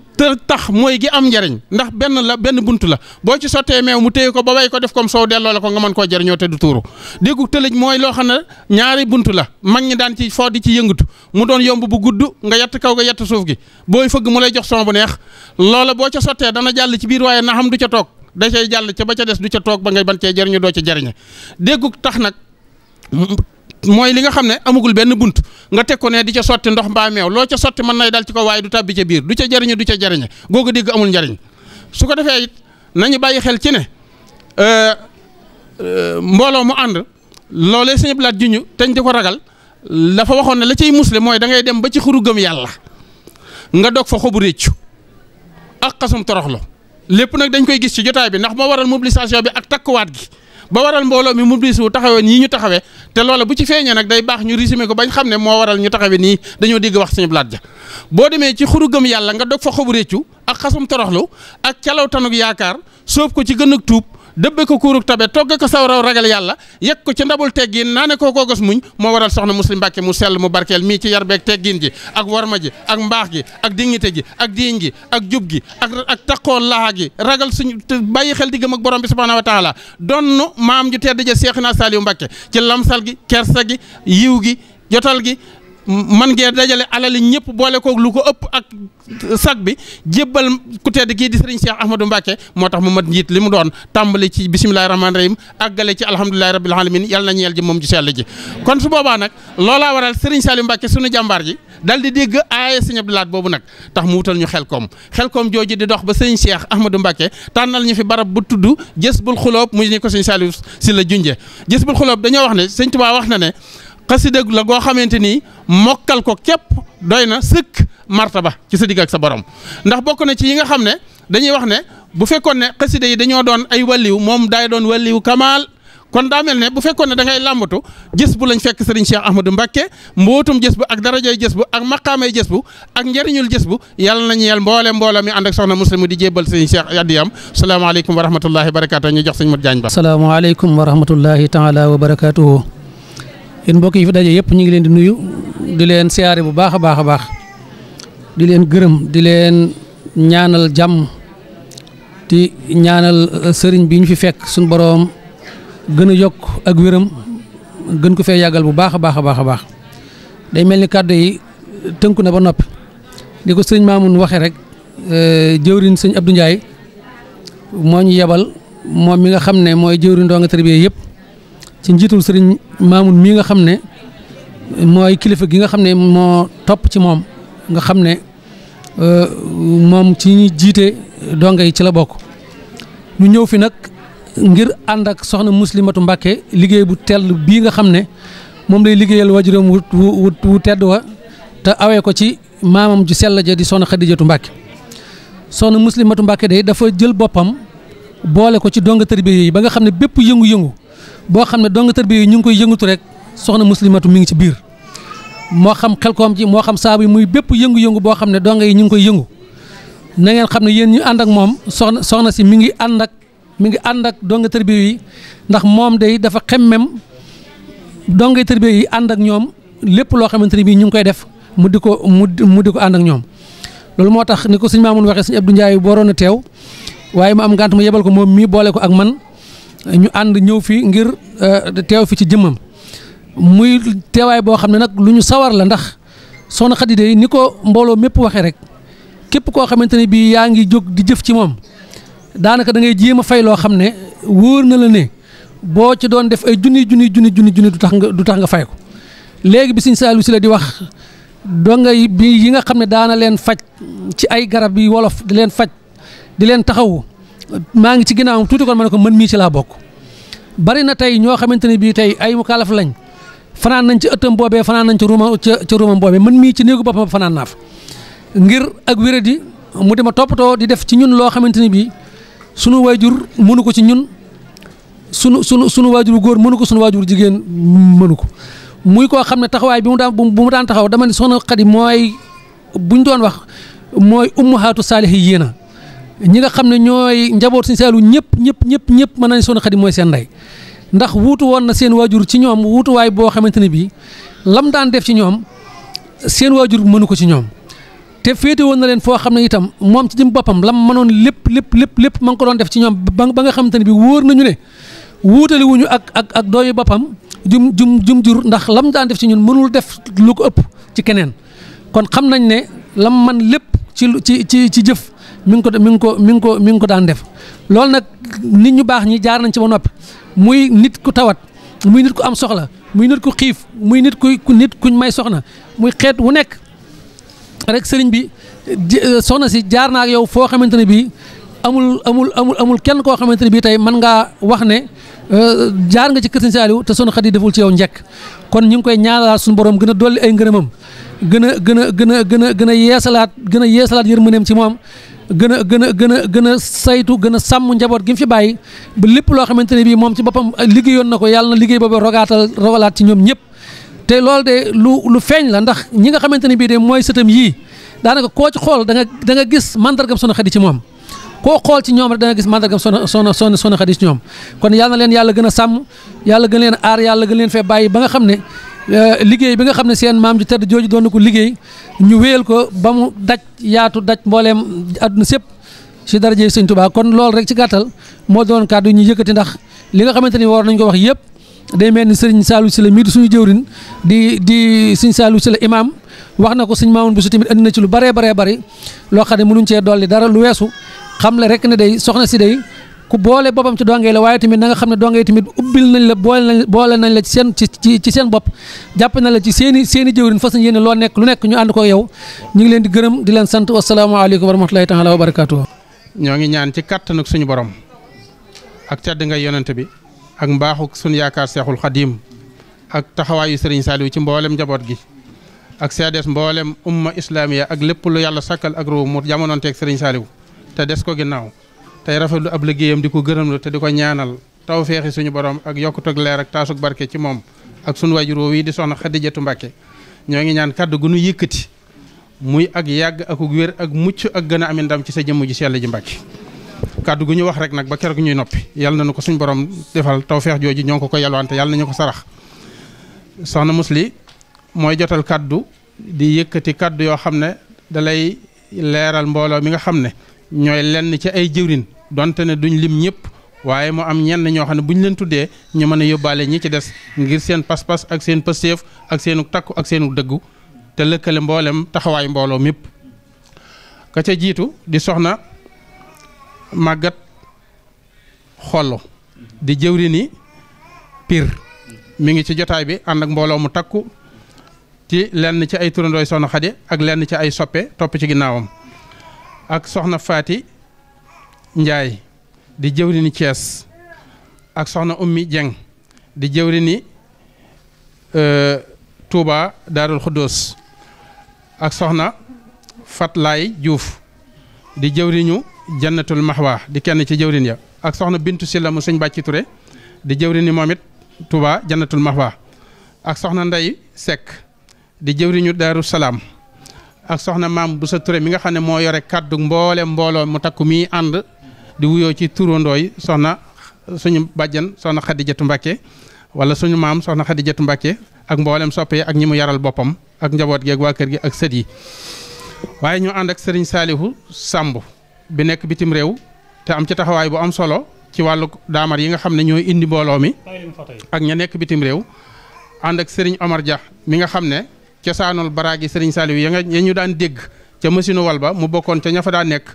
tax mooy gi am njariñ ndax benn la benn bunt la boo ci sottee meew mu téye ko ba way ko def comme soow delloo la ko nga mën koo jariñoo te du tuuru déggug tëlëj mooy loo xam ne ñaari bunt la mag ñi daan ci foo di ci yëngatu mu doon yomb bu gudd nga yett kaw nga yett suuf gi booy fëgg mu lay jox son bu neex loola boo ca sottee dana jàll ci biir waaye na xam du ca toog da cay jàll ca ba ca des du ca toog ba ngay ban cee jariñu doo ca jariñe déggu tax nag mooy li nga xam ne amagul benn bunt nga teg ko ne di ca sotti ndox mbaa meew loo ca sotti man nay dal ci ko waay du tàbbi ca biir du ca jariñu du ca jariñe googu dégg amul njariñ su ko defee it nañu bàyyi xel ci ne euh, euh, mbooloo mu ànd loolee sëñ Blaat ju ñu teñ di ko ragal dafa waxoon ne la ciy musle mooy dangay dem ba ci xuru gëm yàlla nga dog fa xobu réccu ak xasum toroxlo lépp nag dañ koy gis ci jotaay bi ndax moo waral mobilisation bi ak takkuwaat gi ba waral mbooloo mi mobilisé wu taxawee nii ñu taxawee te loola bu ci feeñee nag day baax ñu résumé ko bañ xam ne moo waral ñu taxawee nii dañoo dégg wax suñu blaat ja boo demee ci xuru gëm yàlla nga dog fa xobu réccu ak xasum toroxlu ak calawtanuk yaakaar soob ko ci gën ak tuub dëbbe ko kuurug tabe togge ko saw raw ragal yàlla yegg ko ci ndabul teggiin naane koo koo gos muñ moo waral soxna muslim mbàkke mu sell mu barkeel mii ci yar beeg teggiin ji ak warma ji ak mbaax gi ak dignité ji ak diiñ gi ak jub gi ak ak taqoo laa ji ragal suñu bàyyi xel di gëm ak borom bi subhaanahu wa taala donn maam ju tedd ja seexinaa saaliyu mbàkke ci lamsal gi kersa gi yiw gi jotal gi man ngee dajale alali ñëpp boole kook lu ko ëpp ak sag bi jébbal ku tedd kii di sëriñ Cheikh Ahmadou Mbacke moo tax mu mat njiit li mu doon tàmbali ci bisimilahi rahmaani rahim àggale ci alhamdulilahi rabbil alamin yàlla na ñeel ji moom ji sell ji kon su boobaa nag loolaa waral sëriñ Saliou Mbacke suñu jàmbaar ji dal di dégg aaya sëñ Abdou laat boobu nag tax mu wutal ñu xel koom xel koom jooju di dox ba sëriñ Cheikh Ahmadou Mbacke tànnal ñu fi barab bu tudd jës bul xuloob mu ni ko sëñ Saliou si la junje jës bul xuloob dañoo wax ne sëñ Tuubaa wax na ne xasida la goo xamante ni mokkal ko képp doy na sëkk martaba ci sa digg ak sa borom ndax bokk na ci yi nga xam ne dañuy wax ne bu fekkoon ne xasida yi dañoo doon ay wàlliw moom daay doon wàlliw kamaal kon daa mel ne bu fekkoon ne dangay ngay jës gis bu lañ fekk sa sëriñ Cheikh Ahmadou Mbacké mbootum gis bu ak darajay gis bu ak maqaamay gis bu ak njëriñul gis bu yàlla nañu yel mboole mbooloo mi ànd ak soxna muslimu di jébbal sëriñ Cheikh addiyam salaamaaleykum wa rahmatullahi wa barakaatu ñu jox sëriñ Modou Diagne Ba salaamaaleykum wa rahmatullahi taala yéen mbokk yi fi daje yëpp ñu ngi leen di nuyu di leen siyaare bu baax a baax a baax di leen gërëm di leen ñaanal jàmm di ñaanal euh, sëriñ bi ñu fi fekk suñu boroom gën a yokk ak wéram gën ko fee yàggal bu baax a baax a baax a baax day mel ni kàddu yi tënku na ba noppi di ko sëriñ Mamoun waxee rek euh, jëwriñ sëñ Abdou Ndiaye moo ñu yebal moom mi nga xam ne mooy jëwriñ ndongo tarbiya yëpp ci njiitul sëriñ Mamoun mii nga xam ne mooy kilifa gi nga xam ne moo topp ci moom nga xam ne euh, moom ci ñi jiite donga yi ci la bokk ñu ñëw fi nag ngir ànd ak soxna muslimatu Mbàkke liggéey bu tell bii nga xam ne moom lay liggéeyal wajuram wu wu wu tedd wa te awee ko ci maamam ji sell ja di soxna Xadijatu Mbàkke soxna muslimatu Mbàkke de dafa jël boppam boole ko ci donga tarbiya yi ba nga xam ne bépp yëngu-yëngu boo xam ne dong tarbiya yi ñu ngi koy yëngatu rek soxna muslimatu mi ngi ci biir moo xam xelkoom ji moo xam saabu yi muy bépp yëngu-yëngu boo xam ne dong yi ñu ngi koy yëngu na ngeen xam ne yéen ñu ànd ak moom soxna soxna si mi ngi ànd ak mi ngi ànd ak dong tarbiya yi ndax moom day dafa xemmem dong tarbiya yi ànd ak ñoom lépp loo xamante ne bii ñu ngi koy def mu di ko mu mu di ko ànd ak ñoom. loolu moo tax ni ko sëñ Mamoun waxee sëñ Abdou Ndiaye booroon a teew waaye mu am gànt yebal ko moom mii boole ko ak man. ñu ànd ñëw fi ngir euh, teew fi ci jëmmam muy teewaay boo xam ne nag lu ñu sawar la ndax soxna Khady dey ni ko mbooloo mépp waxee rek képp koo xamante ne bii yaa ngi jóg di jëf ci moom daanaka da ngay jéem a fay loo xam ne wóor na la ne boo ci doon def ay junni junni junni junni junni du tax nga du tax nga fay ko léegi bi Sëñ saalu si la di wax donga bi yi nga xam ne daana leen faj ci ay garab yi wolof di leen faj di leen taxawu maa ngi ci ginnaaw tuuti ma ne ko mën mii ci laa bokk bari na tey ñoo xamante ne bii tey ay mu kaalaf lañ fanaan nañ ci ëttam boobee fanaan nañ ci ruuma ci ruuma boobee man mii ci néegu boppam fanaan naa fa ngir ak wéradi mu dem a toppatoo di def ci ñun loo xamante ne bii sunu waajur mënu ko ci ñun sunu sunu sunu waajur góor mënu ko sunu waajur jigéen mënu ko muy koo xam ne taxawaay bi mu daan bu mu daan taxaw dama ne soxna Xadi mooy buñ doon wax mooy ummahaatu saalihiina ñi nga xam ne ñooy njaboot Sëñ Saaliw ñëpp ñëpp ñëpp ñëpp mën nañ soon Xadi mooy seen ndey ndax wuutu woon na seen waajur ci ñoom wuutuwaay boo xamante ne bii lam daan def ci ñoom seen waajur mënu ko ci ñoom te féete woon na leen foo xam ne itam moom ci jëm boppam lam mënoon lépp lépp lépp lépp ma ngi ko doon def ci ñoom ba nga xamante ne bii wóor nañu ne wuutali wuñu ak ak ak dooyu boppam jum jum jum jur ndax lam daan def ci ñun mënul def lu ko ëpp ci keneen kon xam nañ ne lam man lépp ci ci ci ci jëf mi ngi ko mi ngi ko mi ngi ko mi ngi ko daan def loolu nag nit ñu baax ñi jaar nañ ci ba noppi muy nit ku tawat muy nit ku am soxla muy nit ku xiif muy nit ku nit kuñ may soxna muy xeet wu nekk rek sëriñ bi euh, soxna si jaar naa ak yow foo xamante ne bii amul amul amul amul kenn koo xamante ne bii tey mën ngaa wax ne Euh, jaar nga ci kër Serigne Saliou te sunu xat yi deful ci yow njekk kon ñu ngi koy ñaanalaat suñu boroom gën a dolli ay ngërëmam gën a gën a gën a gën a gën a yeesalaat gën a yeesalaat yërmandeem ci moom gën a gën a gën a gën a saytu gën a sàmm njaboot gi mu fi bàyyi ba lépp loo xamante ne bii moom ci boppam liggéeyoon na ko yàlla na liggéey boobu rogaatal rogalaat ci ñoom ñëpp te loolu de lu lu feeñ la ndax ñi nga xamante ne bii de mooy sëtam yii daanaka koo ci xool da nga da gis mandargam sunu xadi ci moom koo xool ci ñoom rek dana gis mandargam soxna soxna soxna soxna Xadi ci ñoom kon yàlla na leen yàlla gën a sàmm yàlla gën leen aar yàlla gën leen fee bàyyi ba nga xam ne euh, liggéey bi nga xam ne seen maam ji tedd jooju doon na ko liggéey ñu wéyal ko ba mu daj yaatu daj mbooleem àdduna sépp ci daraje Sëñ Tuubaa kon loolu rek ci gàttal moo doon kàddu ñu yëkkati ndax li nga xamante ni war nañ ko wax yëpp day mel ni sëriñ Saliou Sylla mii di suñu jëwrin di di sëñ Saliou Sylla imaam wax na ko sëñ Maamun bu su tamit andi ci lu bëree baree bëri loo xam ne mënuñ cee dolli dara lu weesu xam la rek na day soxna si dey ku boole boppam ci donge la waaye tamit nanga xam ne donge tamit ubbil nañ la boole nañ nañ la ci seen ci ci seen bopp jàpp na la ci seen seeni seen i jëwriñ fas yéene loo nekk lu nekk ñu ànd ko yow ñu ngi leen di gërëm di leen sant wasalaamaaleykum wa rahmatulahi taala wa barakaatu. ñoo ngi ñaan ci kàttanug suñu borom ak tedd nga bi ak mbaaxuk suñu yaakaar seexul xadiim ak taxawaayu sëriñ Saliou ci mboolem njaboot gi ak seedees mboolem umma islamiya ak lépp lu yàlla sakkal ak ruum mu jamonoonteeg sëriñ Saliou te des ko ginnaaw tey lu ab liggéeyam di ko gërëm te di ko ñaanal taw suñu borom ak yokkutug leer ak taasug barke ci moom ak suñu waajur woowu yi di soxna Xadijatu Mbàkke ñoo ngi ñaan kàddu gu nu yëkkati muy ak yàgg ak wér ak mucc ak gën a am ndam ci sa jëmm ji sell ji Mbàkke kàddu gu ñu wax rek nag ba keroog ñuy noppi na nañu ko suñu borom defal taw feex jooju ñoo ngi ko ko yalwaante yàlla ñu ko sarax soxna Musli mooy jotal kàddu di yëkkati kàddu yoo xam ne dalay leeral mbooloo mi nga xam ne ñooy lenn ci ay jëwrin donte ne duñ lim ñëpp waaye mu am ñenn ñoo xam ne buñ leen tuddee ñu mën a yóbbaale ñi ci des ngir seen pas-pas ak seen pësteef ak seenu takku ak seenu dëggu te lëkkale mboolem taxawaay mbooloo mépp ka ca jiitu di soxna màggat xollo di jëwrini piir mi ngi ci jotaay bi ànd ak mbooloo mu takku ci lenn ci ay turandooy soxna Xadi ak lenn ci ay soppe topp ci ginnaawam ak soxna Faati Njaay di jëwriñu Thiès ak soxna Ummi Dieng di jëwri jëwriñu e, Touba Daarul Xuddoos ak soxna Fatlaay Diouf di jëwriñu Jannatul Mahwa di kenn ci jëwriñ ya ak soxna Bintu Silla mu sëñ Bàcci di jëwriñu moom it Touba Jannatul Mahwa ak soxna Ndey sekk di jëwriñu Daaru Salaam ak soxna maam bu sa Touré mi nga xam ne moo yore kàddu mboole mbooloo mu takku mii ànd di wuyoo ci turandoo yi soxna suñu bàjjan soxna Xadijatu Mbàkke wala suñu maam soxna Xadijatu Mbàkke ak mboolem soppe ak ñi mu yaral boppam ak njaboot gi waa kër gi ak sët waaye ñu ànd ak sëriñ Saalihu Sàmb bi nekk bitim réew te am ci taxawaay bu am solo ci wàllu daamar yi nga xam ne ñooy indi mbooloo mi ak ña nekk bitim réew ànd ak sëriñ Omar Dia cosaanul baraagi sëriñ Saliou ya nga ya ñu daan dégg ca machine wal ba mu bokkoon ca ña fa daan nekk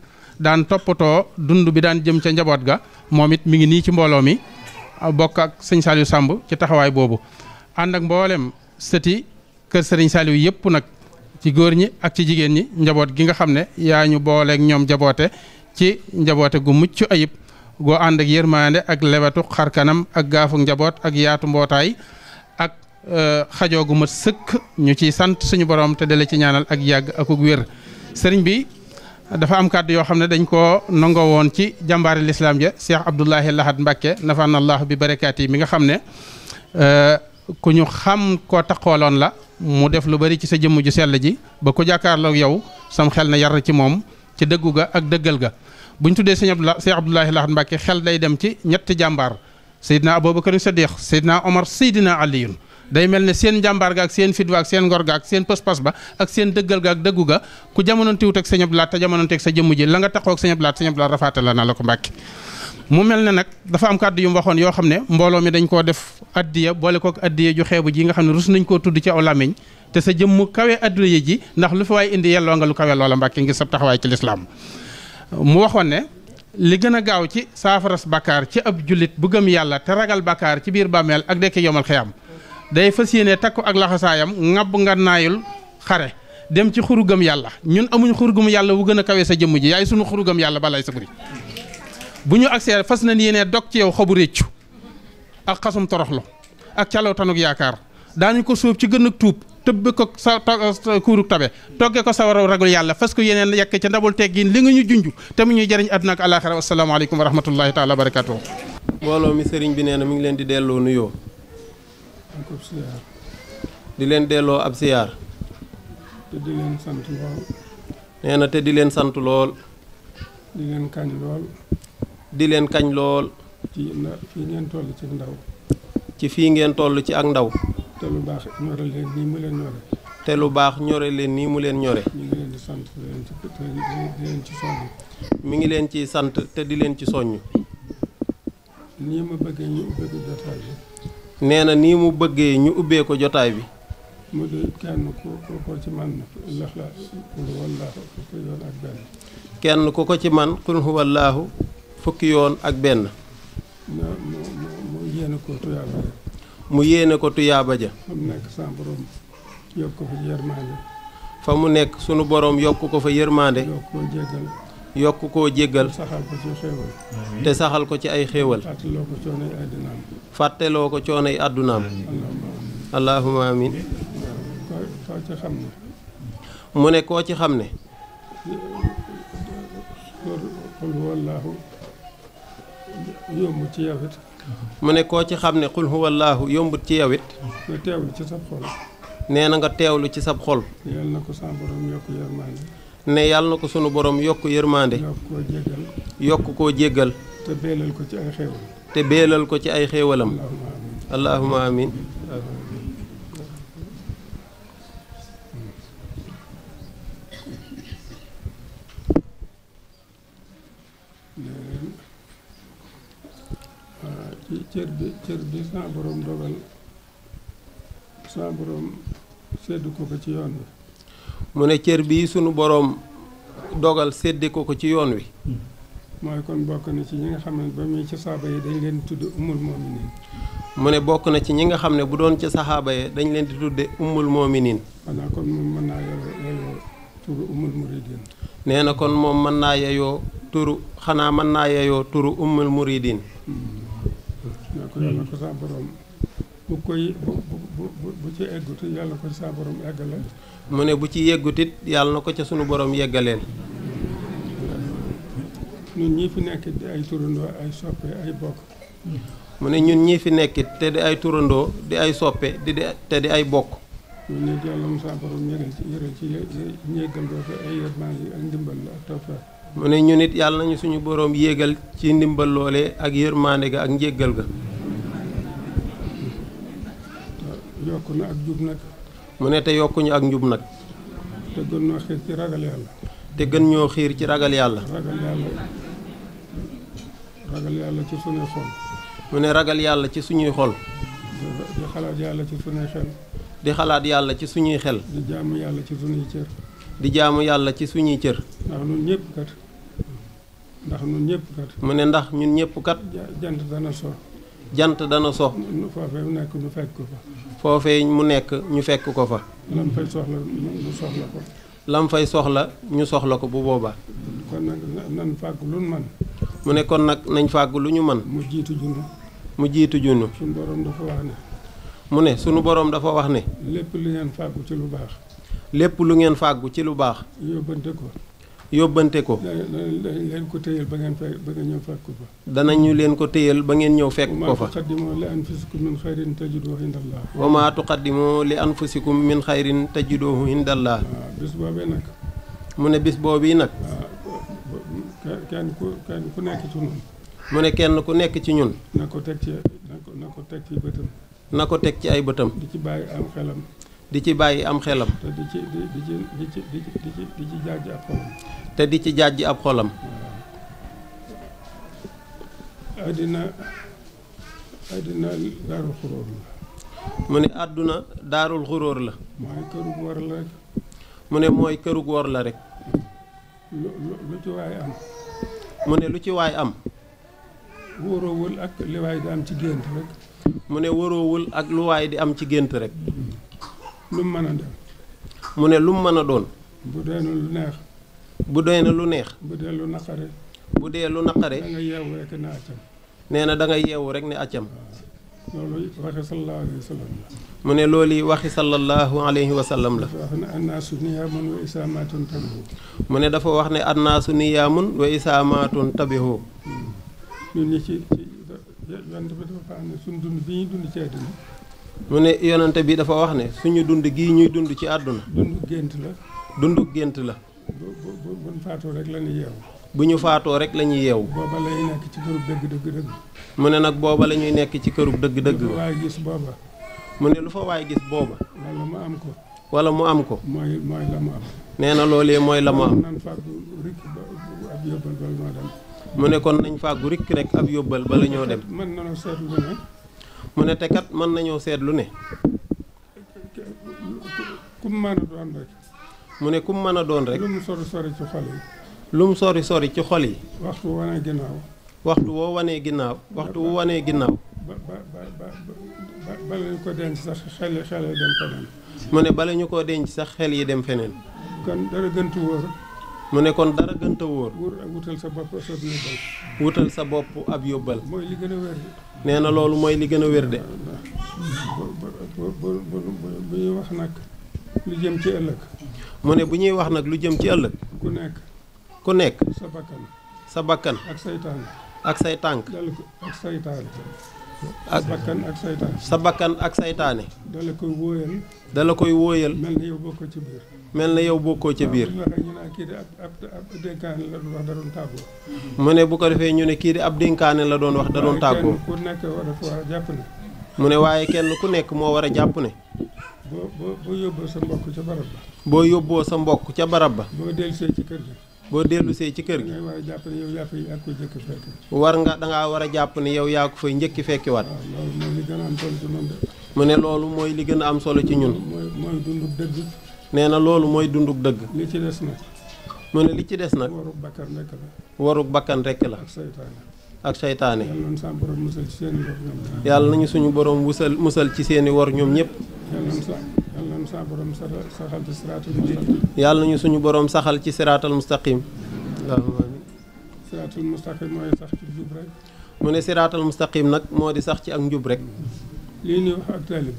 daan toppatoo dund bi daan jëm ca njaboot ga moom it mi ngi nii ci mbooloo mi bokk ak sëñ Saliou Samb ci taxawaay boobu ànd ak mboolem sëti kër sëriñ Saliou yëpp nag ci góor ñi ak ci jigéen ñi njaboot gi nga xam ne yaa ñu booleek ñoom njaboote ci njaboote gu mucc ayib goo ànd ak yërmaande ak lebetu xarkanam ak gaafu njaboot ak yaatu mbootaay Euh, xajoo gu ma sëkk ñu ciy sant suñu borom te dale ci ñaanal ak yàgg akuk wér sëriñ bi dafa am kàddu yoo xam ne dañ koo nangoo woon ci jàmbaari lislaam ja Cheikh Abdoulahi Lahad Mbacke nafaan allah bi barakaati mi nga xam ne euh, ku ñu xam koo taxooloon la mu def lu bari ci sa jëmm ju sell ji ba ku jàkkaarloog yow sam xel na yar ci moom ci dëggu ga ak dëggal ga buñ tuddee sëñ Abdoulahi Cheikh Abdoulahi Lahad Mbacke xel day dem ci ñetti jàmbaar Seydina Aboubacar Sadiq Seydina Omar Seydina Aliyun day mel ne seen njàmbaar ga ak seen fit ak seen ngor ga ak seen pas-pas ba ak seen dëggal ga ak dëggu ga ku jamonontiwut ak Sëñ Abdou Lahad te jamononteeg sa jëmm ji la nga taxoo ak Sëñ Abdou Lahad Sëñ la naa la ko mbàkke mu mel ne nag dafa am kàddu yu mu waxoon yoo xam ne mbooloo mi dañ koo def addiya boole kook addiya ju xeebu ji nga xam ne rus nañ koo tudd ci aw làmmiñ te sa jëmm kawe addiya ji ndax lu fi waay indi yelloo nga lu kawe loola mbàkke ngir sa taxawaay ci lislaam mu waxoon ne li gën a gaaw ci saafaras bàkkaar ci ab jullit bu gëm yàlla te ragal bàkkaar ci biir bàmmeel ak dekk yomal xiyam day fas yéene takku ak laxasaayam ŋàbb nga naayul xare dem ci xurugam yàlla ñun amuñ xurugam yàlla wu gën a kawe sa jëmm ji yaay sunu xurugam yàlla balay sa buri bu ñu agsee fas nañ yéene dog ci yow xobu réccu ak xasum toroxlo ak caloo tanuk yaakaar daañu ko suub ci gën ak tuub tëbbe ko sa kuuruk tabe togge ko sawaraw ragul yàlla fas ko yeneen yekk ca ndabul teggin li nga ñu junj te mu ñuy jëriñ àdduna ak àllaaxira wasalaamaaleykum wa rahmatullahi taala wa barakatuh bi nee na mi ngi leen di delloo nuyoo di leen delloo ab siyaar. te di leen sant lool. nee te di leen sant lool. di leen kañ lool. di ci fii ngeen toll ci fii ngeen toll ci ak ndaw. te lu baax ñore leen nii mu leen ñore. te lu baax ñore leen nii mu leen ñore. ngi leen ci sant te di leen ci soññ. nii ma nee na nii mu bëggee ñu ubbee ko jotaay bi. mu de kenn ku ko ci man kenn ku fukki yoon ak benn. mu mu yéene ko tuyaaba ja. mu nekk sunu boroom yokk ko fa yërmande. fa mu nekk sunu borom yokk ko fa yërmande. yokk koo jéggal te saxal ko ci ay xéewal fàtteloo ko coonoy àddunaam allahuma amin mu ne koo ci xam ne mu ne koo ci xam ne xul huwallaahu yombut ci yawit nee na nga teewlu ci sab xol yal na ne yàlla na ko sunu boroom yokk yërmande. yokk koo jéggal. yokk te beelal ko ci ay xéewal. te beelal ko xéewalam. allahumma amin ah, ko ko ci yoon bi mu ne cër bii sunu boroom dogal sédde ko ko ci yoon wi mooy kon bokk na ci ñi nga xam ne ba muy ci saaba yi dañ leen tudd ummul moominiin mu ne bokk na ci ñi nga xam ne bu doon ca saxaaba yi dañ leen di tudde ummul moominiin xanaa kon moom nee na kon moom mën naa yeyoo turu xanaa mën naa yeyoo turu ummul muridiin mm. bu bu ci eggutit yàlla na mu ne bu ci yeggutit yàlla na ko ca sunu borom yeggaleel. ñun ñii fi nekk mu ne ñun ñii fi nekkit te di ay turandoo di ay soppe di di te di ay bokk. mu saa ne ñun it yàlla nañu suñu borom yéegal ci ndimbal loole ak yërmande ga ak njéggal ga. yokk na ak njub nag. mu ne te yokkuñu ak njub nag. te gën ñoo xiir ci ragal yàlla. te gën ñoo xiir ci ragal yàlla. ragal ragal yàlla ci suñuy xol. mu ne ragal yàlla ci suñuy xalaat yàlla ci suñuy xel. di xalaat yàlla ci suñuy xel. di jaamu yàlla ci suñuy cër. ndax ñun ñëpp kat. mu ne ndax ñun ñëpp kat. so. jant dana sox. foofee mu nekk ñu fekk ko fa. mu nekk ñu fekk ko fa. lam fay soxla ñu soxla ko. fay soxla ñu soxla ko bu boobaa. kon lu ñu mën. mu ne kon nag nañ fàgg lu ñu mën. mu jiitu junnu. mu jiitu junnu. ne. mu ne sunu borom dafa wax ne. lépp lu ngeen fàggu ci lu baax. lu ngeen fàggu ci lu baax. yóbbante yóbbante ko. danañ leen ba ngeen fekk ba ngeen ñëw leen ko téyal ba ngeen ñëw fekk ko fa. wa maa tuqaddimu li anfusikum min xayrin tajiduhu indallah. wa maa tuqaddimu li anfusikum min xayrin tajiduhu indallah. waaw bis boobee nag. mu ne bis boobu nag. waaw kenn ku kenn ku nekk ci ñun. mu ne kenn ku nekk ci ñun. na ko teg ci ko teg ci bëtam. na ko teg ci ay bëtam. di ci bàyyi am xelam. di ci bàyyi am xelam. di ci di ab xolam. àddina daarul xuróor la. mu ne àdduna daarul xuróor la. mooy kërug wor la rek. mu ne mooy kërug wor la rek. lu ci waay am. mu ne lu ci waay am. wóoroowul ak li waay di am ci gént rek. ne wóoroowul ak lu di am ci gént rek. Mm-hmm. lu mu mën mu ne lu mu mën a doon. bu dee lu neex. bu dee na lu neex. bu dee lu naqare. bu dee lu naqare. nee na da nga yeewu rek ne accam. loolu waxi sallallahu alayhi wa sallam la. mu ne loolu yi waxi sallallahu alayhi wa sallam la. dafa wax ne mu ne dafa wax ne annaasu niyaamun wa isaamaatun tabihu. Hmm. ñun ñi bi dafa dund bi mu ne yonante bi dafa wax ne suñu dund gii ñuy dund ci àdduna. dund gént la. dund gént la. bu rek la ñuy bu ñu faatoo rek la ñuy yeewu. booba la nekk ci kërub dëgg-dëgg. mu ne nag booba lañuy ñuy nekk ci kërub dëgg-dëgg. gis booba. mu ne lu fa waay gis booba. wala mu am ko. wala mu am ko. mooy nee na loolee mooy la mu am. mu ne kon nañ fàggu rikk rek ab yóbbal bala ñoo dem. mën nañoo seetlu ne. mu ne te mën nañoo seetlu ne. kum mën mu ne kum mën a doon rek. lu mu sori sori ci xol yi. sori sori ci xol yi. waxtu woo wanee ginnaaw. waxtu woo wanee ginnaaw. waxtu woo wanee ginnaaw. ba ko denc sax mu ne bala ñu koo denc sax xel yi dem feneen. kon dara gëntu wóor. mu nekkoon kon dara gënta wóor. wutal sa bopp ab yóbbal. wutal sa bopp ab yóbbal. mooy li gën a wér nee na loolu mooy li gën a wér de. bu ñuy wax nag lu jëm ci ëllëg. mu ne bu ñuy wax nag lu jëm ci ëllëg. ku nekk. ku nekk. sa bakkan. sa bakkan. ak say ak say tànk. ak say tànk. ak sa bakkan ak saytaane. dala koy wóoyal. dala koy wóoyal. mel na yow bokkoo ca biir. mel na yow bokkoo mu ne bu ko defee ñu ne kii di ab dénkaane la doon wax da doon tàggoo. mu ne waaye kenn ku nekk moo war a jàpp ne. boo boo yóbboo sa mbokk ca barab ba. boo yóbboo ci kër gi. boo dellu see ci kër gi. war nga da ngaa war a jàpp ne yow yaa ko fay njëkki fekkiwaat. mu ne loolu mooy li gën a am solo ci ñun. mooy dëgg. nee na loolu mooy dundug dëgg. mu ne li ci des nag. warug bakkan rekk la. warug bakkan rekk la. ak seytaane. yàlla nañu suñu borom musal musal ci seeni war ñoom ñëpp. yàlla nañu suñu borom saxal ci siraatal mustaqim. siraatal mustaqim mooy sax ci mu ne siraatal mustaqim nag moo di sax ci ak njub rek. lii ñuy wax ak taalibe.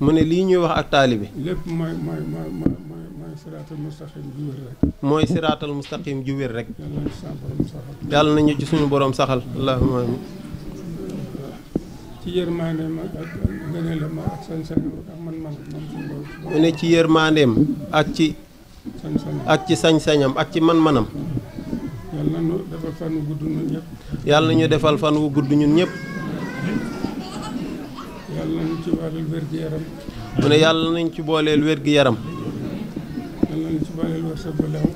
mu ne lii ñuy wax ak taalibe. lépp mooy mooy mooy mooy mooy siraatal mustaqim ju wér rek. mooy siraatal mustaqim ci suñu borom saxal. ci yërmandeem ak ak ngëneelam ak sañ-sañam ak man-man moom suñu borom. mu ne ci yërmandeem ak ci. sañ-sañam ak ci sañ-sañam ak ci man-manam. yàlla na ñu defal fan wu gudd ñun ñëpp. yàlla na ñu defal fan wu gudd ñun ñëpp. yàlla nañu ci booleel wér gu yaram. mu ne yàlla nañu ci booleel wér gu yaram. yàlla nañu ci booleel wërsëg wu lew.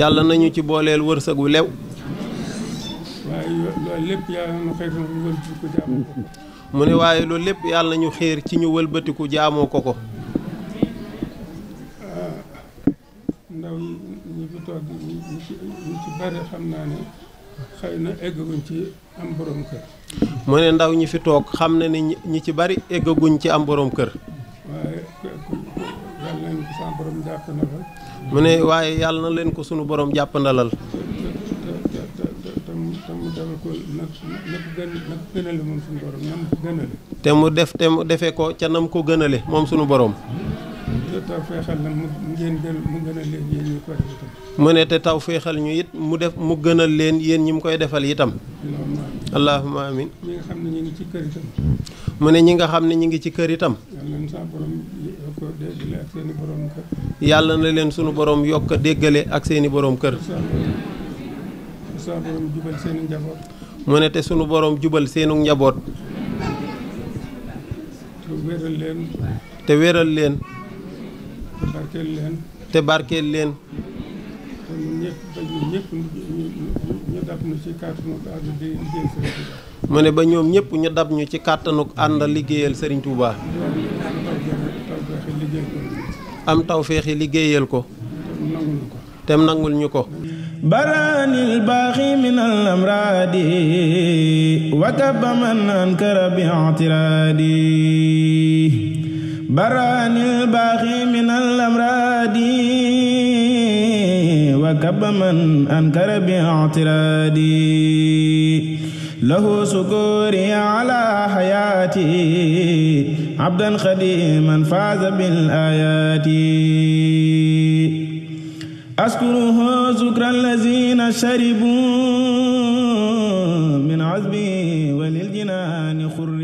yàlla nañu ci booleel wërsëg wu lew. waaye loolu lépp yàlla na xëy na wëlbati ko jaamu ko. mu ne waaye loolu lépp na ñu xéer ci ñu wëlbatiku jaamoo ko ko ah, ndaw ci ñu mu ne ndaw ñi fi toog xam na ne ñi ci bari eggaguñ ci am boroom kër waaye yàlla na leen ko sunu borom jàppandalal mu ne waaye yàlla na leen ko sunu borom jàppandalal te mu def te mu defee ko ca nam ko gënale moom suñu boroom te mu ne te taw feexal ñu it mu def mu gënal leen yéen ñi mu koy defal itam. allahumma mu ne ñi nga xam ne ñu ngi ci kër itam. yàlla na leen sunu borom yokk a déggale ak seeni boroom kër. jubal seenu njaboot. mu ne te sunu borom jubal seenu njaboot. te te wéral leen. te te barkeel leen. mu ne ba ñoom ñëpp ñu dab ñu ci kàttanu ànd liggéeyal Serigne Touba. am tawféexi liggéeyal ko. tem nangul ñu ko. baraani albaaxi min alamraadi wa kaba man ankara bi atiraadi baraani albaaxi min alamraadi wa kaba man ankara bi atiraadi lahu sukuuri ala xayaati abdan xadiman faaza bil ayaati أذكره ذكر الذين شربوا من عذبه وللجنان خر